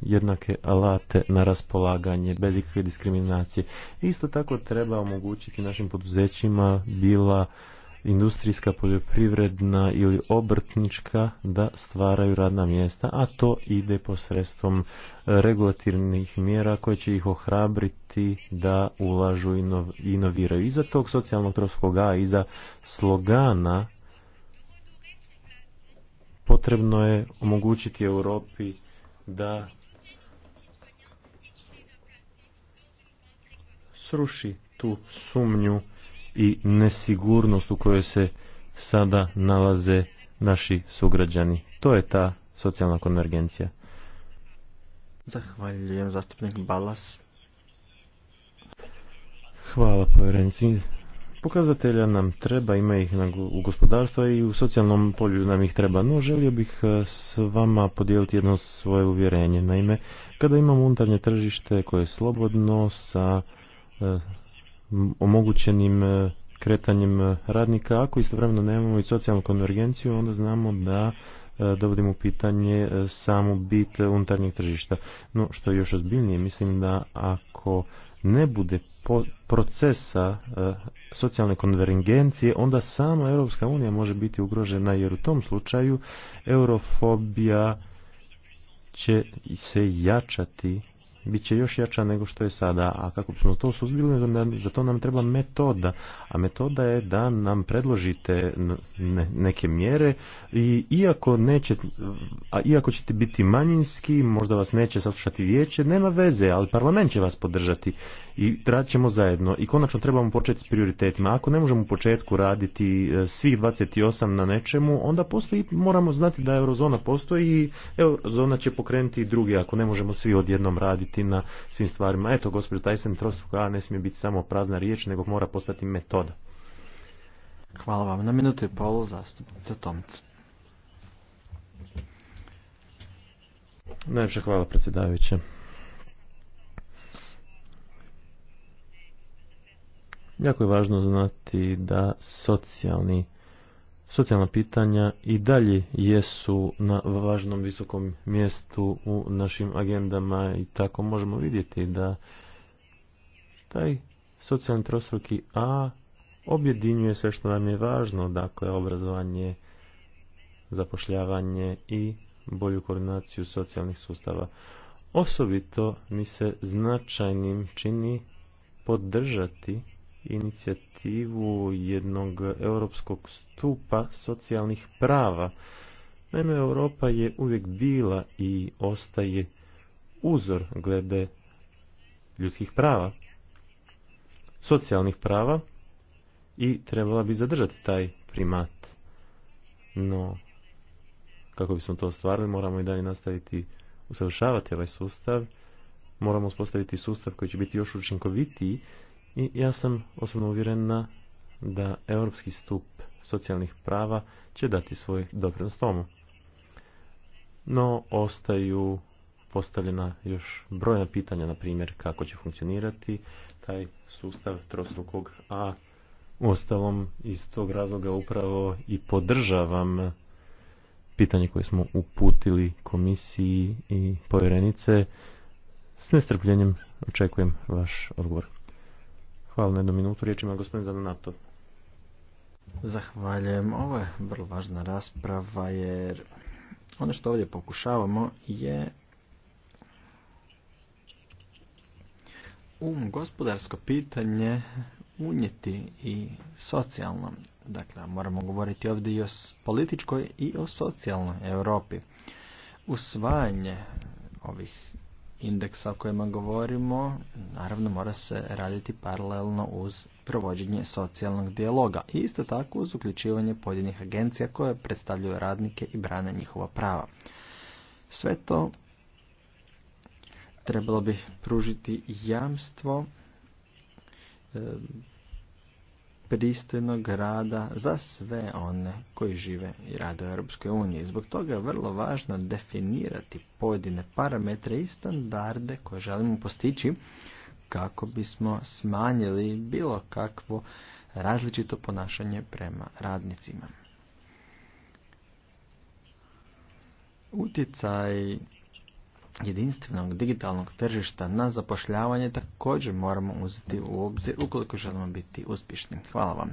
C: jednake alate na raspolaganje bez ikakve diskriminacije. Isto tako treba omogućiti našim poduzećima bila industrijska, poljoprivredna ili obrtnička da stvaraju radna mjesta, a to ide posredstvom e, regulativnih mjera koje će ih ohrabriti da ulažu i inoviraju. Iza tog socijalnog tropskog iza slogana potrebno je omogućiti Europi da sruši tu sumnju i nesigurnost u kojoj se sada nalaze naši sugrađani. To je ta socijalna konvergencija.
D: Zahvaljujem zastupnik Balas.
C: Hvala povjerenci. Pokazatelja nam treba, ima ih u gospodarstva i u socijalnom polju nam ih treba, no želio bih e, s vama podijeliti jedno svoje uvjerenje. Naime, kada imamo unutarnje tržište koje je slobodno sa E, omogućenim e, kretanjem e, radnika. Ako istovremeno nemamo i socijalnu konvergenciju, onda znamo da dovodimo u pitanje samu bit unutarnjeg tržišta. No, što je još ozbiljnije, mislim da ako ne bude procesa socijalne konvergencije, onda sama Europska unija može biti ugrožena, jer u tom slučaju eurofobija će se jačati bit će još jača nego što je sada, a kako bismo to suzbili, za to nam treba metoda, a metoda je da nam predložite neke mjere i iako neće, a iako ćete biti manjinski, možda vas neće saslušati vijeće, nema veze, ali parlament će vas podržati i radit ćemo zajedno i konačno trebamo početi s prioritetima. Ako ne možemo u početku raditi e, svih 28 na nečemu, onda postoji, moramo znati da eurozona postoji i eurozona će pokrenuti i druge ako ne možemo svi odjednom raditi raditi na svim stvarima. Eto, gospođo Tyson, trostruka A ne smije biti samo prazna riječ, nego mora postati metoda.
D: Hvala vam. Na minutu i polu za Tomca.
C: Najljepša hvala predsjedavajuća. Jako je važno znati da socijalni socijalna pitanja i dalje jesu na važnom visokom mjestu u našim agendama i tako možemo vidjeti da taj socijalni trostruki A objedinjuje sve što nam je važno, dakle obrazovanje, zapošljavanje i bolju koordinaciju socijalnih sustava. Osobito mi se značajnim čini podržati inicijativu inicijativu jednog europskog stupa socijalnih prava. Naime, Europa je uvijek bila i ostaje uzor glede ljudskih prava, socijalnih prava i trebala bi zadržati taj primat. No, kako bismo to ostvarili, moramo i dalje nastaviti usavršavati ovaj sustav, moramo uspostaviti sustav koji će biti još učinkovitiji i ja sam osobno uvjerena da europski stup socijalnih prava će dati svoj doprinos tomu. No, ostaju postavljena još brojna pitanja, na primjer kako će funkcionirati taj sustav trostrukog A. Uostalom, iz tog razloga upravo i podržavam pitanje koje smo uputili komisiji i povjerenice. S nestrpljenjem očekujem vaš odgovor. Hvala na jednu minutu. Riječ ima gospodin Zanonato.
D: Zahvaljujem. Ovo je vrlo važna rasprava jer ono što ovdje pokušavamo je u gospodarsko pitanje unijeti i socijalno. Dakle, moramo govoriti ovdje i o političkoj i o socijalnoj Europi. Usvajanje ovih indeksa o kojima govorimo, naravno mora se raditi paralelno uz provođenje socijalnog dijaloga i isto tako uz uključivanje pojedinih agencija koje predstavljaju radnike i brane njihova prava. Sve to trebalo bi pružiti jamstvo pristojnog rada za sve one koji žive i rade u Europskoj uniji. Zbog toga je vrlo važno definirati pojedine parametre i standarde koje želimo postići kako bismo smanjili bilo kakvo različito ponašanje prema radnicima. Utjecaj jedinstvenog digitalnog tržišta na zapošljavanje također moramo uzeti u obzir ukoliko želimo biti uspješni. Hvala vam.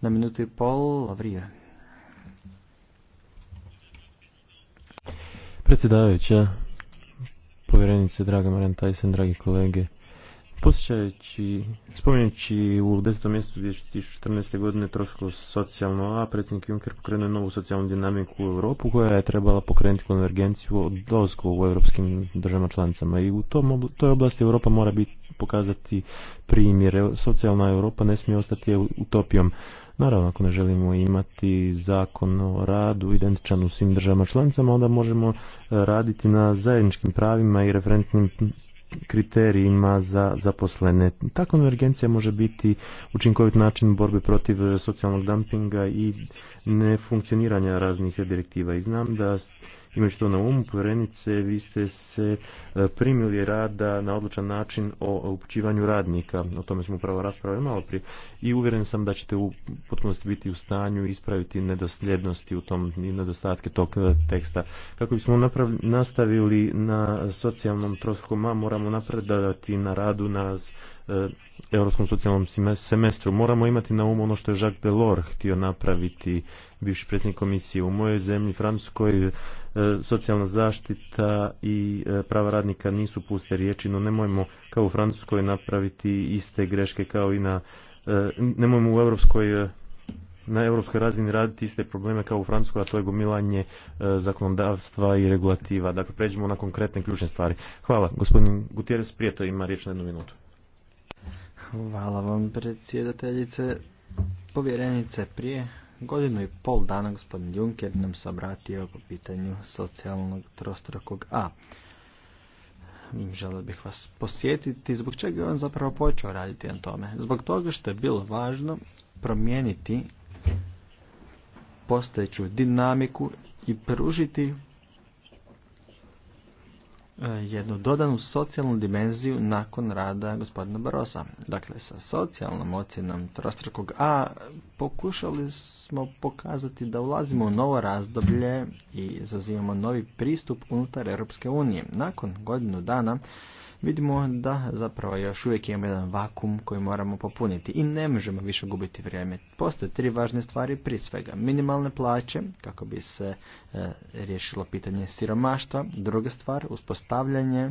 D: Na minutu i pol, Lavrije.
C: Predsjedavajuća, povjerenice, draga i Tajsen, dragi kolege, Posjećajući, spominjući u desetom mjestu 2014. godine troško socijalno, a predsjednik Juncker pokrenuo novu socijalnu dinamiku u Europu koja je trebala pokrenuti konvergenciju od dozgo u europskim državama članicama. I u tom, toj oblasti Europa mora biti, pokazati primjer. Socijalna Europa ne smije ostati utopijom. Naravno, ako ne želimo imati zakon o radu identičan u svim državama članicama, onda možemo e, raditi na zajedničkim pravima i referentnim kriterijima za zaposlene. Ta konvergencija može biti učinkovit način borbe protiv socijalnog dumpinga i nefunkcioniranja raznih direktiva. I znam da Imajući to na umu, povjerenice, vi ste se e, primili rada na odlučan način o upućivanju radnika. O tome smo upravo raspravili malo prije. I uvjeren sam da ćete u potpunosti biti u stanju ispraviti nedosljednosti u tom i nedostatke tog e, teksta. Kako bismo nastavili na socijalnom troskom, moramo napredati na radu na E, europskom socijalnom semestru. Moramo imati na umu ono što je Jacques Delors htio napraviti, bivši predsjednik komisije u mojoj zemlji, Francuskoj, e, socijalna zaštita i e, prava radnika nisu puste riječi, no nemojmo kao u Francuskoj napraviti iste greške kao i na, nemojmo u Europskoj na europskoj razini raditi iste probleme kao u Francuskoj, a to je gomilanje zakonodavstva i regulativa. Dakle, pređemo na konkretne ključne stvari. Hvala. Gospodin Gutierrez Prijeto ima riječ na jednu minutu.
D: Hvala vam predsjedateljice. Povjerenice, prije godinu i pol dana gospodin Juncker nam se obratio po pitanju socijalnog trostrokog A. Želio bih vas posjetiti zbog čega je on zapravo počeo raditi na tome. Zbog toga što je bilo važno promijeniti postojeću dinamiku i pružiti E, jednu dodanu socijalnu dimenziju nakon rada gospodina Barosa. Dakle, sa socijalnom ocjenom trostrukog A pokušali smo pokazati da ulazimo u novo razdoblje i zauzimamo novi pristup unutar Europske unije. Nakon godinu dana vidimo da zapravo još uvijek imamo jedan vakum koji moramo popuniti i ne možemo više gubiti vrijeme. Postoje tri važne stvari prije svega. Minimalne plaće, kako bi se e, riješilo pitanje siromaštva. Druga stvar, uspostavljanje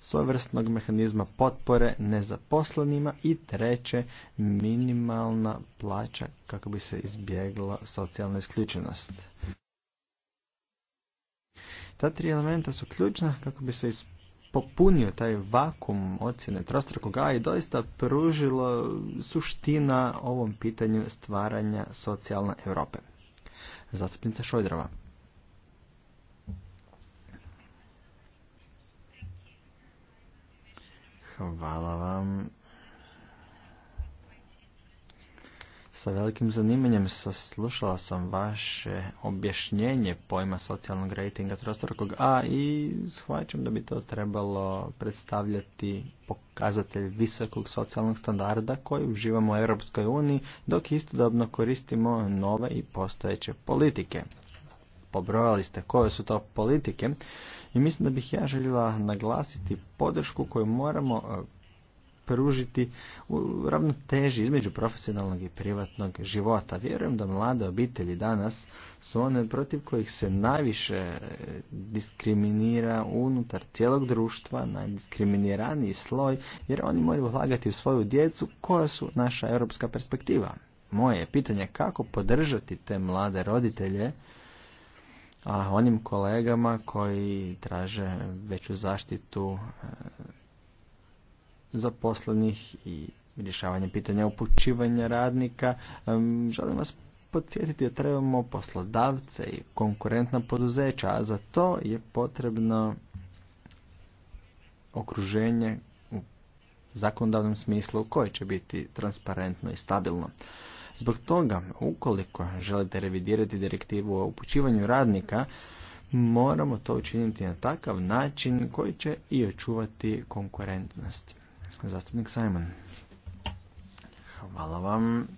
D: svojvrstnog mehanizma potpore nezaposlenima i treće minimalna plaća kako bi se izbjegla socijalna isključenost. Ta tri elementa su ključna kako bi se popunio taj vakum ocjene trostrakog A i doista pružilo suština ovom pitanju stvaranja socijalne Europe. Zastupnica Šojdrova. Hvala vam. Sa velikim zanimanjem saslušala sam vaše objašnjenje pojma socijalnog rejtinga trostorkog A i shvaćam da bi to trebalo predstavljati pokazatelj visokog socijalnog standarda koji uživamo u Europskoj uniji dok istodobno koristimo nove i postojeće politike. Pobrojali ste koje su to politike i mislim da bih ja željela naglasiti podršku koju moramo pružiti u ravnoteži između profesionalnog i privatnog života. Vjerujem da mlade obitelji danas su one protiv kojih se najviše diskriminira unutar cijelog društva, najdiskriminiraniji sloj, jer oni moraju vlagati u svoju djecu koja su naša europska perspektiva. Moje je pitanje kako podržati te mlade roditelje a onim kolegama koji traže veću zaštitu zaposlenih i rješavanje pitanja upućivanja radnika. Želim vas podsjetiti da trebamo poslodavce i konkurentna poduzeća, a za to je potrebno okruženje u zakonodavnom smislu koje će biti transparentno i stabilno. Zbog toga, ukoliko želite revidirati direktivu o upućivanju radnika, moramo to učiniti na takav način koji će i očuvati konkurentnosti. Zastupnik Simon. Hvala vam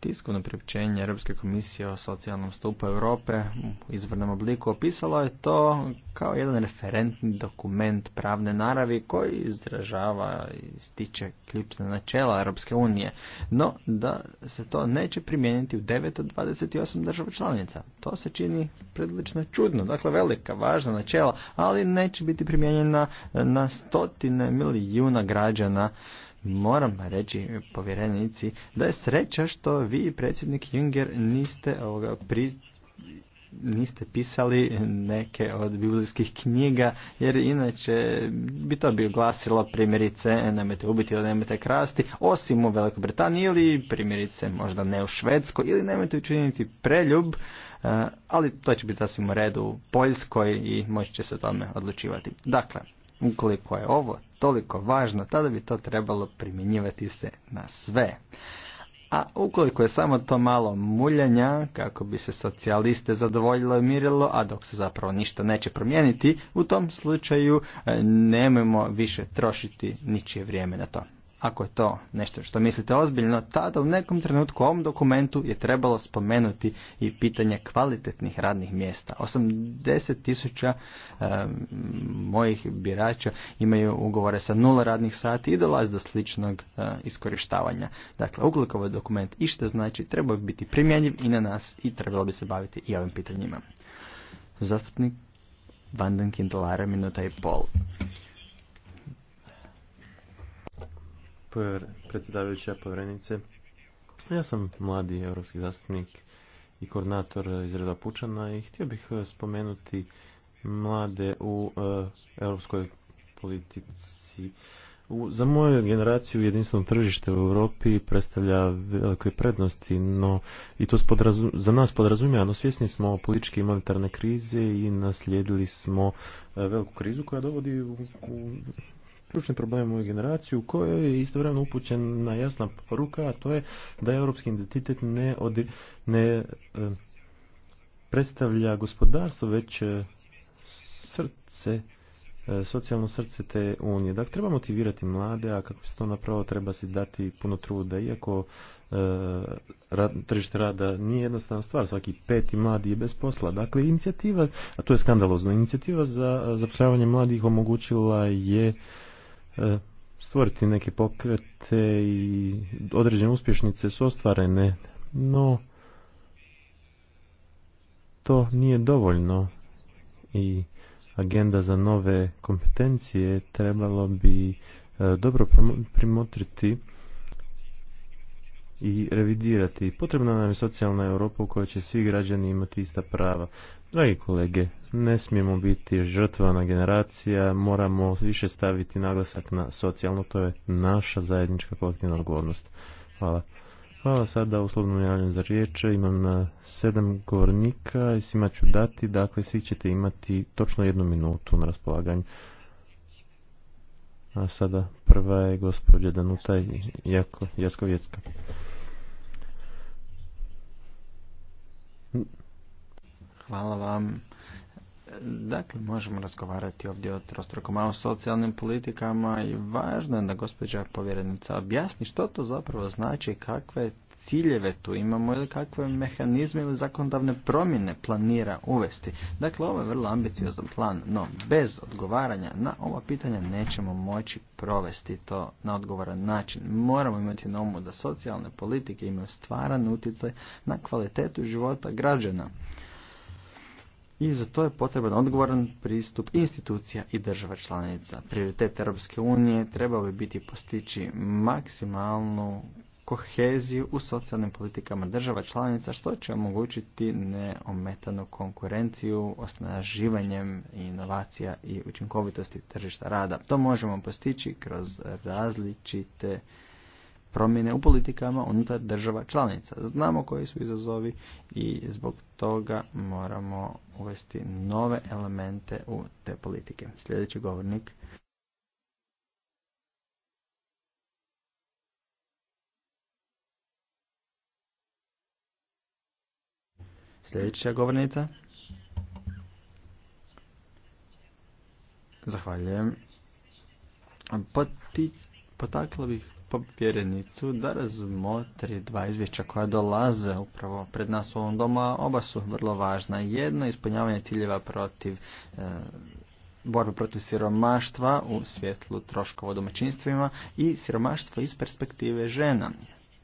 D: tiskovno priopćenje Europske komisije o socijalnom stupu Europe u izvornom obliku opisalo je to kao jedan referentni dokument pravne naravi koji izražava i stiče ključna načela Europske unije, no da se to neće primijeniti u 9 od 28 država članica. To se čini prilično čudno, dakle velika, važna načela, ali neće biti primijenjena na stotine milijuna građana Moram reći povjerenici da je sreća što vi predsjednik Junger niste ovoga niste pisali neke od biblijskih knjiga jer inače bi to bi glasilo primjerice nemojte ubiti ili nemojte krasti osim u Velikoj Britaniji ili primjerice možda ne u Švedskoj ili nemojte učiniti preljub eh, ali to će biti sasvim u redu u Poljskoj i moći će se o tome odlučivati. Dakle, ukoliko je ovo toliko važno, tada bi to trebalo primjenjivati se na sve. A ukoliko je samo to malo muljanja, kako bi se socijaliste zadovoljilo i mirilo, a dok se zapravo ništa neće promijeniti, u tom slučaju e, nemojmo više trošiti ničije vrijeme na to. Ako je to nešto što mislite ozbiljno, tada u nekom trenutku u ovom dokumentu je trebalo spomenuti i pitanje kvalitetnih radnih mjesta. 80 tisuća eh, mojih birača imaju ugovore sa nula radnih sati i dolaze do sličnog eh, iskorištavanja. Dakle, ukoliko ovaj dokument išta znači, treba bi biti primjenjiv i na nas i trebalo bi se baviti i ovim pitanjima. Zastupnik Vanden Kindelara, minuta i pol.
C: predsjedavajuća povjerenice.
D: Ja sam mladi europski zastupnik
C: i koordinator iz reda Pučana i htio bih e, spomenuti mlade u e, europskoj politici. za moju generaciju jedinstveno tržište u Europi predstavlja velike prednosti, no i to za nas podrazumijeva, no svjesni smo političke i monetarne krize i naslijedili smo e, veliku krizu koja dovodi u ključni problem u generaciju u kojoj je istovremeno upućena jasna poruka, a to je da je europski identitet ne, ne e, predstavlja gospodarstvo, već e, srce e, socijalno srce te unije. Dakle, treba motivirati mlade, a kako se to napravo treba se dati puno truda, iako tržište rada nije jednostavna stvar, svaki peti mladi je bez posla. Dakle, inicijativa, a to je skandalozna inicijativa za zapošljavanje mladih omogućila je E, stvoriti neke pokrete i određene uspješnice su ostvarene, no to nije dovoljno i agenda za nove kompetencije trebalo bi e, dobro primotriti i revidirati. Potrebna nam je socijalna Europa u kojoj će svi građani imati ista prava. Dragi kolege, ne smijemo biti žrtvana generacija, moramo više staviti naglasak na socijalno, to je naša zajednička kolektivna odgovornost. Hvala. Hvala sada uslovnom javljanju za riječ. Imam na sedam govornika i svima ću dati, dakle svi ćete imati točno jednu minutu na raspolaganju. A sada prva je gospođa Danuta Jako, Jaskovjecka.
D: Hvala vam. Dakle, možemo razgovarati ovdje o trostrukom o socijalnim politikama i važno je da gospođa povjerenica objasni što to zapravo znači, kakve ciljeve tu imamo ili kakve mehanizme ili zakonodavne promjene planira uvesti. Dakle, ovo je vrlo ambiciozan plan, no bez odgovaranja na ova pitanja nećemo moći provesti to na odgovoran način. Moramo imati na umu da socijalne politike imaju stvaran utjecaj na kvalitetu života građana i za to je potreban odgovoran pristup institucija i država članica. Prioritet Europske unije trebao bi biti postići maksimalnu koheziju u socijalnim politikama država članica što će omogućiti neometanu konkurenciju osnaživanjem inovacija i učinkovitosti tržišta rada. To možemo postići kroz različite promjene u politikama unutar država članica. Znamo koji su izazovi i zbog toga moramo uvesti nove elemente u te politike. Sljedeći govornik. Sljedeća govornica. Zahvaljujem. Poti, bih povjerenicu da razmotri dva izvješća koja dolaze upravo pred nas u ovom domu, a oba su vrlo važna. Jedno, ispunjavanje ciljeva protiv e, borbe protiv siromaštva u svjetlu troškova u domaćinstvima i siromaštva iz perspektive žena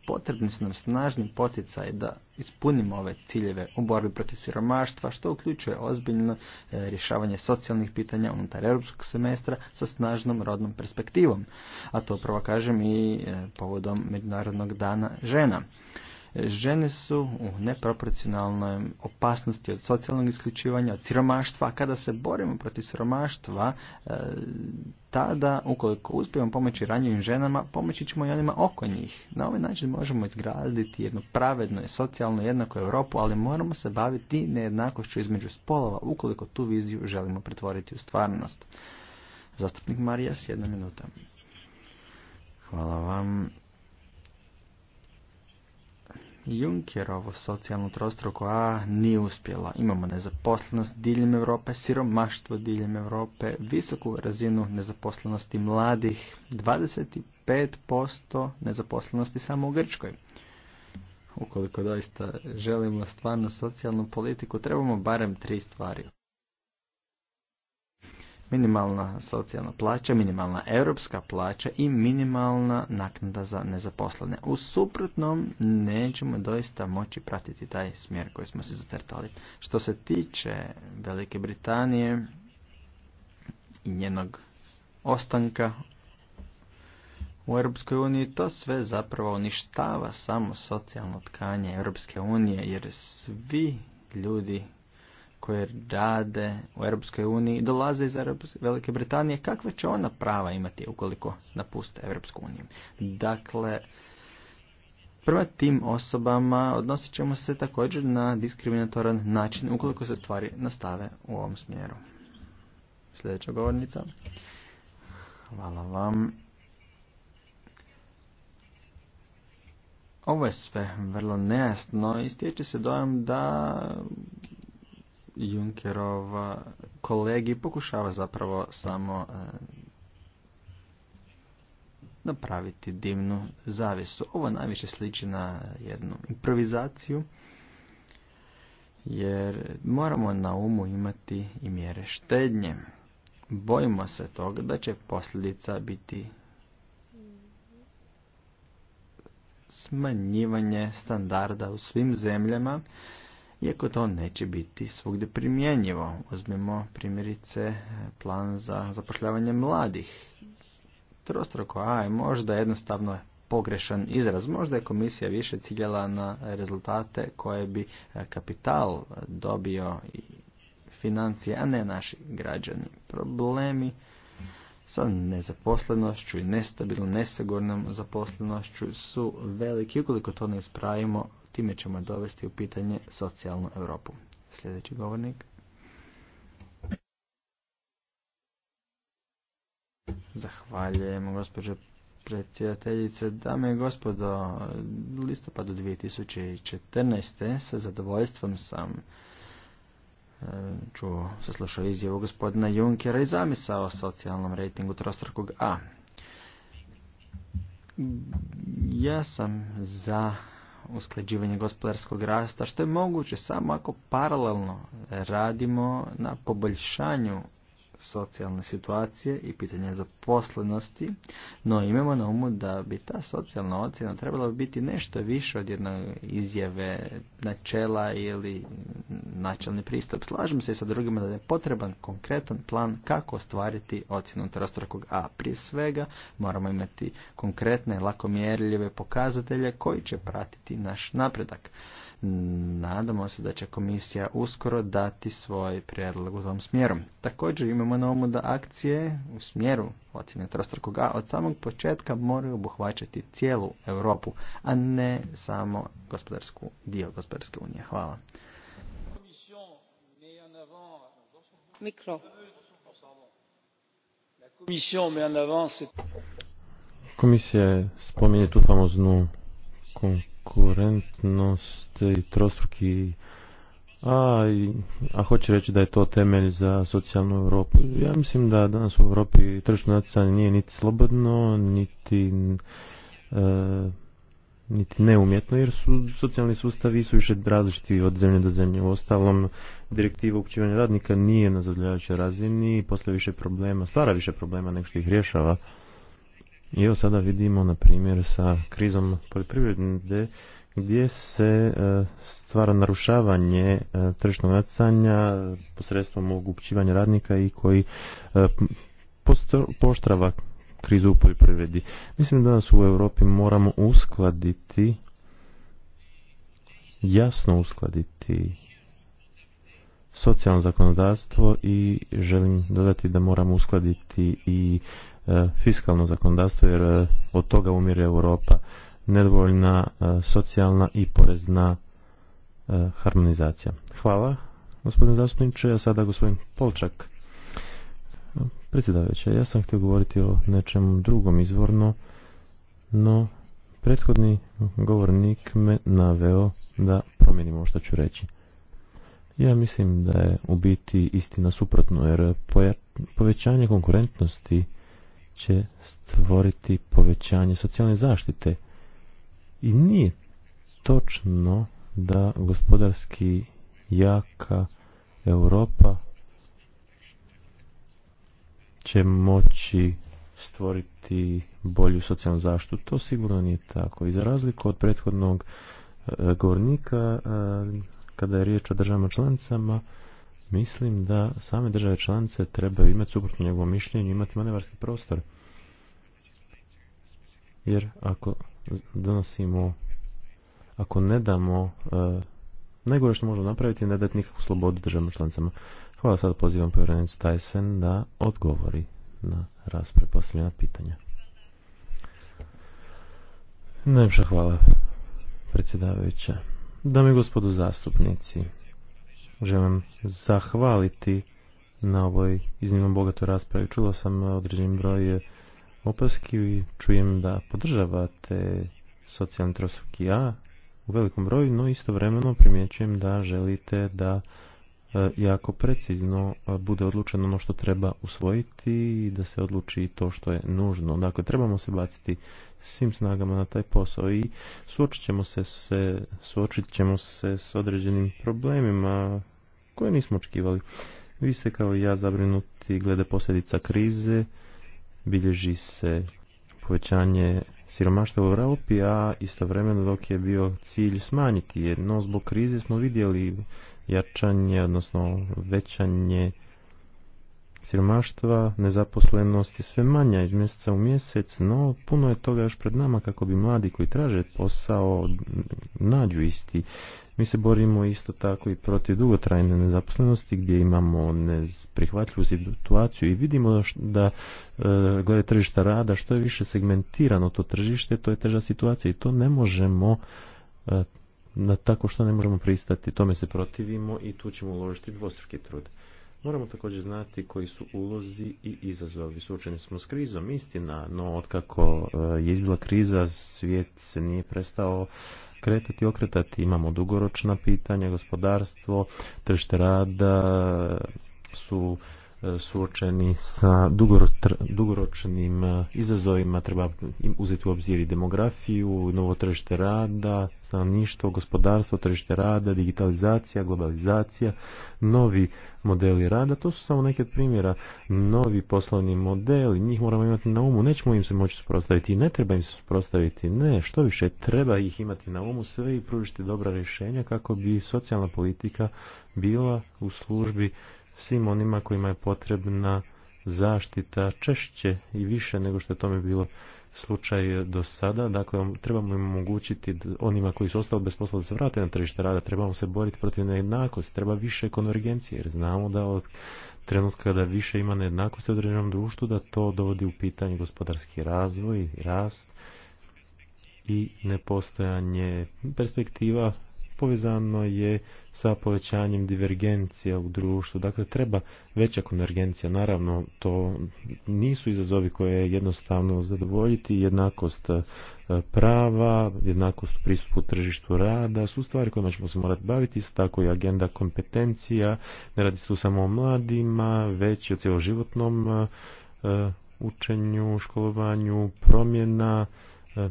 D: potrebni su nam snažni poticaj da ispunimo ove ciljeve u borbi protiv siromaštva, što uključuje ozbiljno e, rješavanje socijalnih pitanja unutar europskog semestra sa snažnom rodnom perspektivom. A to upravo kažem i e, povodom Međunarodnog dana žena žene su u neproporcionalnoj opasnosti od socijalnog isključivanja, od siromaštva. A kada se borimo protiv siromaštva, e, tada, ukoliko uspijemo pomoći ranjivim ženama, pomoći ćemo i onima oko njih. Na ovaj način možemo izgraditi jednu pravednu i socijalno jednaku Europu, ali moramo se baviti nejednakošću između spolova, ukoliko tu viziju želimo pretvoriti u stvarnost. Zastupnik Marijas, jedna minuta. Hvala vam. Junkerovo socijalno trostruko A nije uspjela. Imamo nezaposlenost diljem Europe, siromaštvo diljem Europe, visoku razinu nezaposlenosti mladih, 25% nezaposlenosti samo u Grčkoj. Ukoliko doista želimo stvarno socijalnu politiku, trebamo barem tri stvari minimalna socijalna plaća, minimalna europska plaća i minimalna naknada za nezaposlene. U suprotnom nećemo doista moći pratiti taj smjer koji smo se zacrtali. Što se tiče Velike Britanije i njenog ostanka u Europskoj uniji to sve zapravo uništava samo socijalno tkanje Europske unije jer svi ljudi koje rade u Europskoj uniji dolaze iz Velike Britanije, kakva će ona prava imati ukoliko napuste Europsku uniju? Dakle, prva tim osobama odnosit ćemo se također na diskriminatoran način ukoliko se stvari nastave u ovom smjeru. Sljedeća govornica. Hvala vam. Ovo je sve vrlo nejasno i stječe se dojam da Junkerova kolegi pokušava zapravo samo e, napraviti divnu zavisu. Ovo najviše sliči na jednu improvizaciju jer moramo na umu imati i mjere štednje. Bojimo se toga da će posljedica biti smanjivanje standarda u svim zemljama iako to neće biti svugdje primjenjivo. Uzmimo primjerice eh, plan za zapošljavanje mladih. Trostroko A je možda jednostavno pogrešan izraz. Možda je komisija više ciljala na rezultate koje bi eh, kapital dobio i financije, a ne naši građani. Problemi sa nezaposlenošću i nestabilnom, nesigurnom zaposlenošću su veliki. Ukoliko to ne ispravimo, Time ćemo dovesti u pitanje socijalnu Europu. Sljedeći govornik. Zahvaljujem gospođo predsjedateljice. Dame i gospodo, listopadu 2014. sa zadovoljstvom sam e, čuo, saslušao izjavu gospodina Junkera i zamisao o socijalnom rejtingu trostrukog A. Ja sam za usklađivanje gospodarskog rasta, što je moguće samo ako paralelno radimo na poboljšanju socijalne situacije i pitanja zaposlenosti, no imamo na umu da bi ta socijalna ocjena trebala biti nešto više od jedne izjave načela ili načelni pristup. Slažem se i sa drugima da je potreban konkretan plan kako ostvariti ocjenu trostrakog A. Prije svega moramo imati konkretne, mjerljive pokazatelje koji će pratiti naš napredak. Nadamo se da će komisija uskoro dati svoj prijedlog u tom smjeru. Također imamo na umu da akcije u smjeru ocjene trostrukog od samog početka moraju obuhvaćati cijelu Europu, a ne samo gospodarsku dio gospodarske unije. Hvala. Komisija
C: spominje tu famoznu konkurentnost i trostruki a, a hoće reći da je to temelj za socijalnu Europu. Ja mislim da danas u Europi tržišno natjecanje nije niti slobodno, niti e, niti neumjetno, jer su socijalni sustavi su više različiti od zemlje do zemlje. U ostalom, direktiva uključivanja radnika nije na zadovoljavajućoj razini i više problema, stvara više problema nego što ih rješava. I evo sada vidimo, na primjer, sa krizom poljoprivrede gdje se e, stvara narušavanje e, tržišnog nacanja posredstvom upućivanja radnika i koji e, poštrava krizu u poljoprivredi. Mislim da nas u Europi moramo uskladiti, jasno uskladiti socijalno zakonodavstvo i želim dodati da moramo uskladiti i E, fiskalno zakonodavstvo jer e, od toga umire Europa. Nedovoljna e, socijalna i porezna harmonizacija. Hvala gospodine zastupniče, a sada gospodin Polčak. Predsjedavajuća, ja sam htio govoriti o nečem drugom izvorno, no prethodni govornik me naveo da promijenimo što ću reći. Ja mislim da je u biti istina suprotno, jer povećanje konkurentnosti će stvoriti povećanje socijalne zaštite. I nije točno da gospodarski jaka Europa će moći stvoriti bolju socijalnu zaštitu. To sigurno nije tako. I za razliku od prethodnog e, govornika, e, kada je riječ o državama članicama, Mislim da same države članice trebaju imati suprotno njegovom mišljenju, imati manevarski prostor. Jer ako donosimo, ako ne damo, e, najgore što možemo napraviti je ne dati nikakvu slobodu državama članicama. Hvala sada pozivam povjerenicu Tyson da odgovori na raspravu postavljena pitanja. Najviše hvala predsjedavajuća. Dame i gospodu zastupnici, želim zahvaliti na ovoj iznimno bogatoj raspravi. Čulo sam određen broj opaski i čujem da podržavate socijalni i ja u velikom broju, no istovremeno primjećujem da želite da e, jako precizno e, bude odlučeno ono što treba usvojiti i da se odluči to što je nužno. Dakle, trebamo se baciti svim snagama na taj posao i suočit ćemo se, se, suočit ćemo se s određenim problemima koje nismo očekivali. Vi ste kao i ja zabrinuti glede posljedica krize, bilježi se povećanje siromaštva u Europi, a istovremeno dok je bio cilj smanjiti jedno, zbog krize smo vidjeli jačanje, odnosno većanje siromaštva, nezaposlenosti, sve manja iz mjeseca u mjesec, no puno je toga još pred nama kako bi mladi koji traže posao nađu isti. Mi se borimo isto tako i protiv dugotrajne nezaposlenosti gdje imamo prihvatljivu situaciju i vidimo da e, glede tržišta rada što je više segmentirano to tržište, to je teža situacija i to ne možemo e, na tako što ne možemo pristati, tome se protivimo i tu ćemo uložiti dvostruki trud. Moramo također znati koji su ulozi i izazovi. Suočeni smo s krizom, istina, no otkako e, je izbila kriza, svijet se nije prestao kretati, i okretati. Imamo dugoročna pitanja, gospodarstvo, tržište rada su E, suočeni sa dugoročnim e, izazovima, treba im uzeti u obzir i demografiju, novo tržište rada, stanovništvo, gospodarstvo, tržište rada, digitalizacija, globalizacija, novi modeli rada, to su samo neke primjera, novi poslovni modeli, njih moramo imati na umu, nećemo im se moći suprotstaviti, ne treba im se suprotstaviti, ne, što više, treba ih imati na umu sve i pružiti dobra rješenja kako bi socijalna politika bila u službi svim onima kojima je potrebna zaštita češće i više nego što je tome bilo slučaj do sada. Dakle, trebamo im omogućiti onima koji su ostali bez posla da se vrate na tržište rada. Trebamo se boriti protiv nejednakosti. Treba više konvergencije jer znamo da od trenutka kada više ima nejednakosti u određenom društvu da to dovodi u pitanje gospodarski razvoj i rast i nepostojanje perspektiva povezano je sa povećanjem divergencija u društvu. Dakle, treba veća konvergencija. Naravno, to nisu izazovi koje je jednostavno zadovoljiti. Jednakost e, prava, jednakost u pristupu tržištu rada, su stvari kojima ćemo se morati baviti, isto tako i agenda kompetencija. Ne radi se tu samo o mladima, već i o cjeloživotnom e, učenju, školovanju, promjena, e,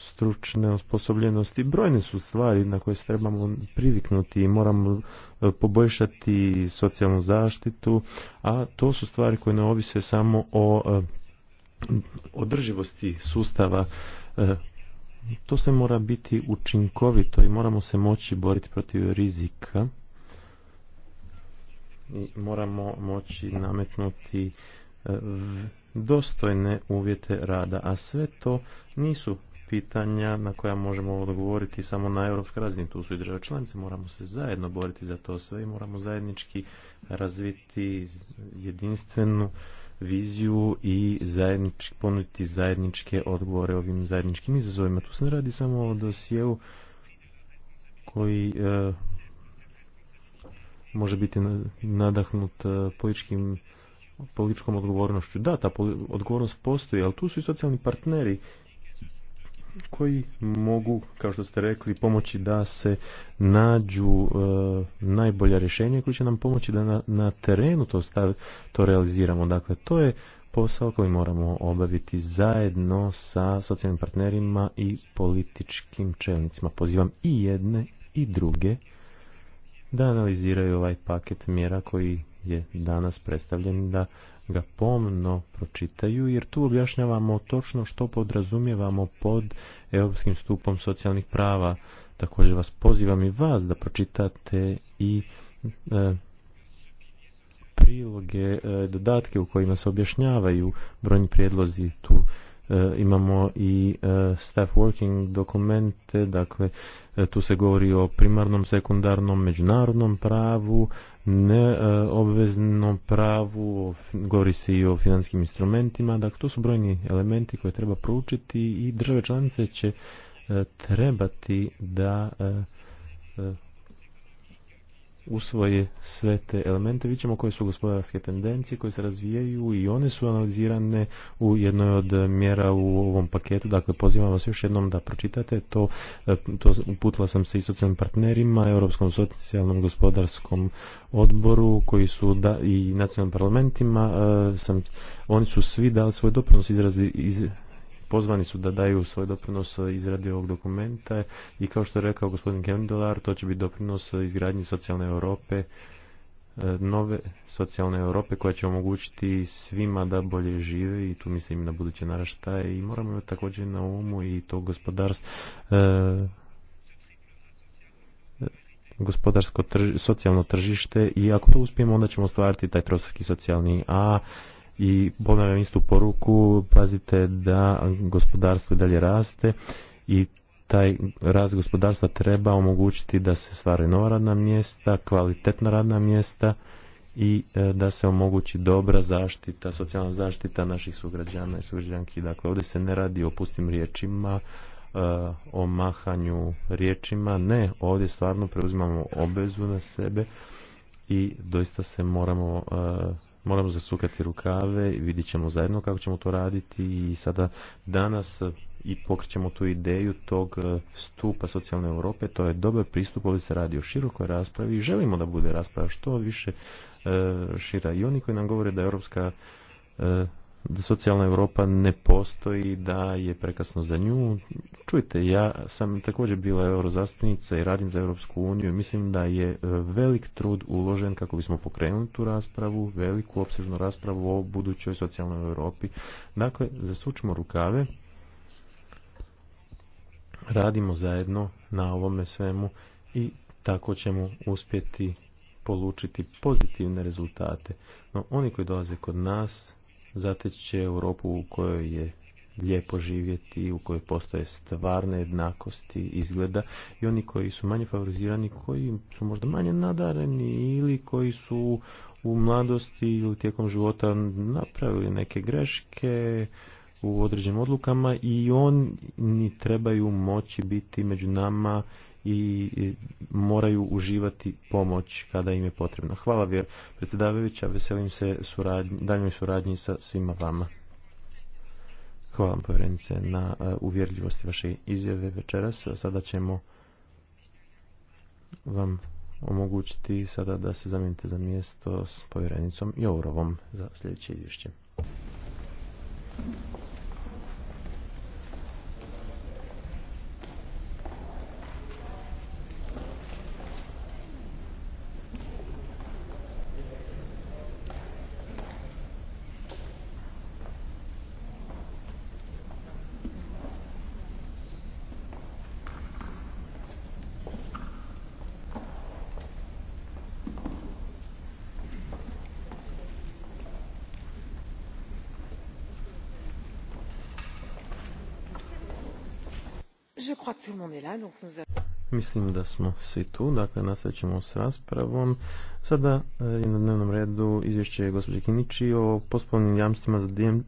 C: stručne osposobljenosti. Brojne su stvari na koje se trebamo priviknuti i moramo e, poboljšati socijalnu zaštitu, a to su stvari koje ne ovise samo o e, održivosti sustava. E, to sve mora biti učinkovito i moramo se moći boriti protiv rizika i moramo moći nametnuti dostojne uvjete rada, a sve to nisu pitanja na koja možemo odgovoriti samo na europskoj razini. Tu su i države članice, moramo se zajedno boriti za to sve i moramo zajednički razviti jedinstvenu viziju i zajednički, ponuditi zajedničke odgovore ovim zajedničkim izazovima. Tu se ne radi samo o dosijevu koji e, može biti nadahnut e, političkim političkom odgovornošću. Da, ta odgovornost postoji, ali tu su i socijalni partneri koji mogu, kao što ste rekli, pomoći da se nađu e, najbolja rješenja koji će nam pomoći da na, terenu to, to realiziramo. Dakle, to je posao koji moramo obaviti zajedno sa socijalnim partnerima i političkim čelnicima. Pozivam i jedne i druge da analiziraju ovaj paket mjera koji je danas predstavljen da ga pomno pročitaju jer tu objašnjavamo točno što podrazumijevamo pod europskim stupom socijalnih prava. Također vas pozivam i vas da pročitate i e, priloge, e, dodatke u kojima se objašnjavaju brojni prijedlozi tu e, imamo i e, staff working dokumente, dakle tu se govori o primarnom, sekundarnom, međunarodnom pravu, obveznom pravu, govori se i o financijskim instrumentima, dakle to su brojni elementi koje treba proučiti i države članice će e, trebati da e, e, usvoje sve te elemente, vidjet ćemo koje su gospodarske tendencije koje se razvijaju i one su analizirane u jednoj od mjera u ovom paketu. Dakle, pozivam vas još jednom da pročitate to. E, to uputila sam se i socijalnim partnerima, Europskom socijalnom gospodarskom odboru koji su da, i nacionalnim parlamentima. E, sam, oni su svi dali svoj doprinos izrazi iz, pozvani su da daju svoj doprinos izradi ovog dokumenta i kao što je rekao gospodin Kendelar, to će biti doprinos izgradnji socijalne Europe, e, nove socijalne Europe koja će omogućiti svima da bolje žive i tu mislim na buduće naraštaje i moramo imati također na umu i to gospodarstvo e, e, gospodarsko socijalno tržište i ako to uspijemo onda ćemo ostvariti taj socijalni A i ponavljam istu poruku, pazite da gospodarstvo dalje raste i taj rast gospodarstva treba omogućiti da se stvari nova radna mjesta, kvalitetna radna mjesta i e, da se omogući dobra zaštita, socijalna zaštita naših sugrađana i sugrađanki. Dakle, ovdje se ne radi o pustim riječima, e, o mahanju riječima, ne, ovdje stvarno preuzimamo obvezu na sebe i doista se moramo e, moramo zasukati rukave i vidit ćemo zajedno kako ćemo to raditi i sada danas e, i pokrećemo tu ideju tog e, stupa socijalne Europe, to je dobar pristup, ovdje se radi o širokoj raspravi i želimo da bude rasprava što više e, šira. I oni koji nam govore da Europska da socijalna Europa ne postoji, da je prekasno za nju. Čujte, ja sam također bila eurozastupnica i radim za Europsku uniju. Mislim da je e, velik trud uložen kako bismo pokrenuli tu raspravu, veliku opsežnu raspravu o budućoj socijalnoj Europi. Dakle, zasučimo rukave, radimo zajedno na ovome svemu i tako ćemo uspjeti polučiti pozitivne rezultate. No, oni koji dolaze kod nas zateći Europu u kojoj je lijepo živjeti, u kojoj postoje stvarne jednakosti izgleda i oni koji su manje favorizirani, koji su možda manje nadareni ili koji su u mladosti ili tijekom života napravili neke greške u određenim odlukama i oni trebaju moći biti među nama i moraju uživati pomoć kada im je potrebno. Hvala vjer predsjedavajuća, veselim se suradnji, daljnjoj suradnji sa svima vama. Hvala vam povjerenice na e, uvjerljivosti vaše izjave večeras. Sada ćemo vam omogućiti sada da se zamijenite za mjesto s povjerenicom Jourovom za
D: sljedeće izvješće.
C: Mislim da smo svi tu, dakle nastavit ćemo s raspravom. Sada je na dnevnom redu izvješće gospođe Kinići o poslovnim jamstvima za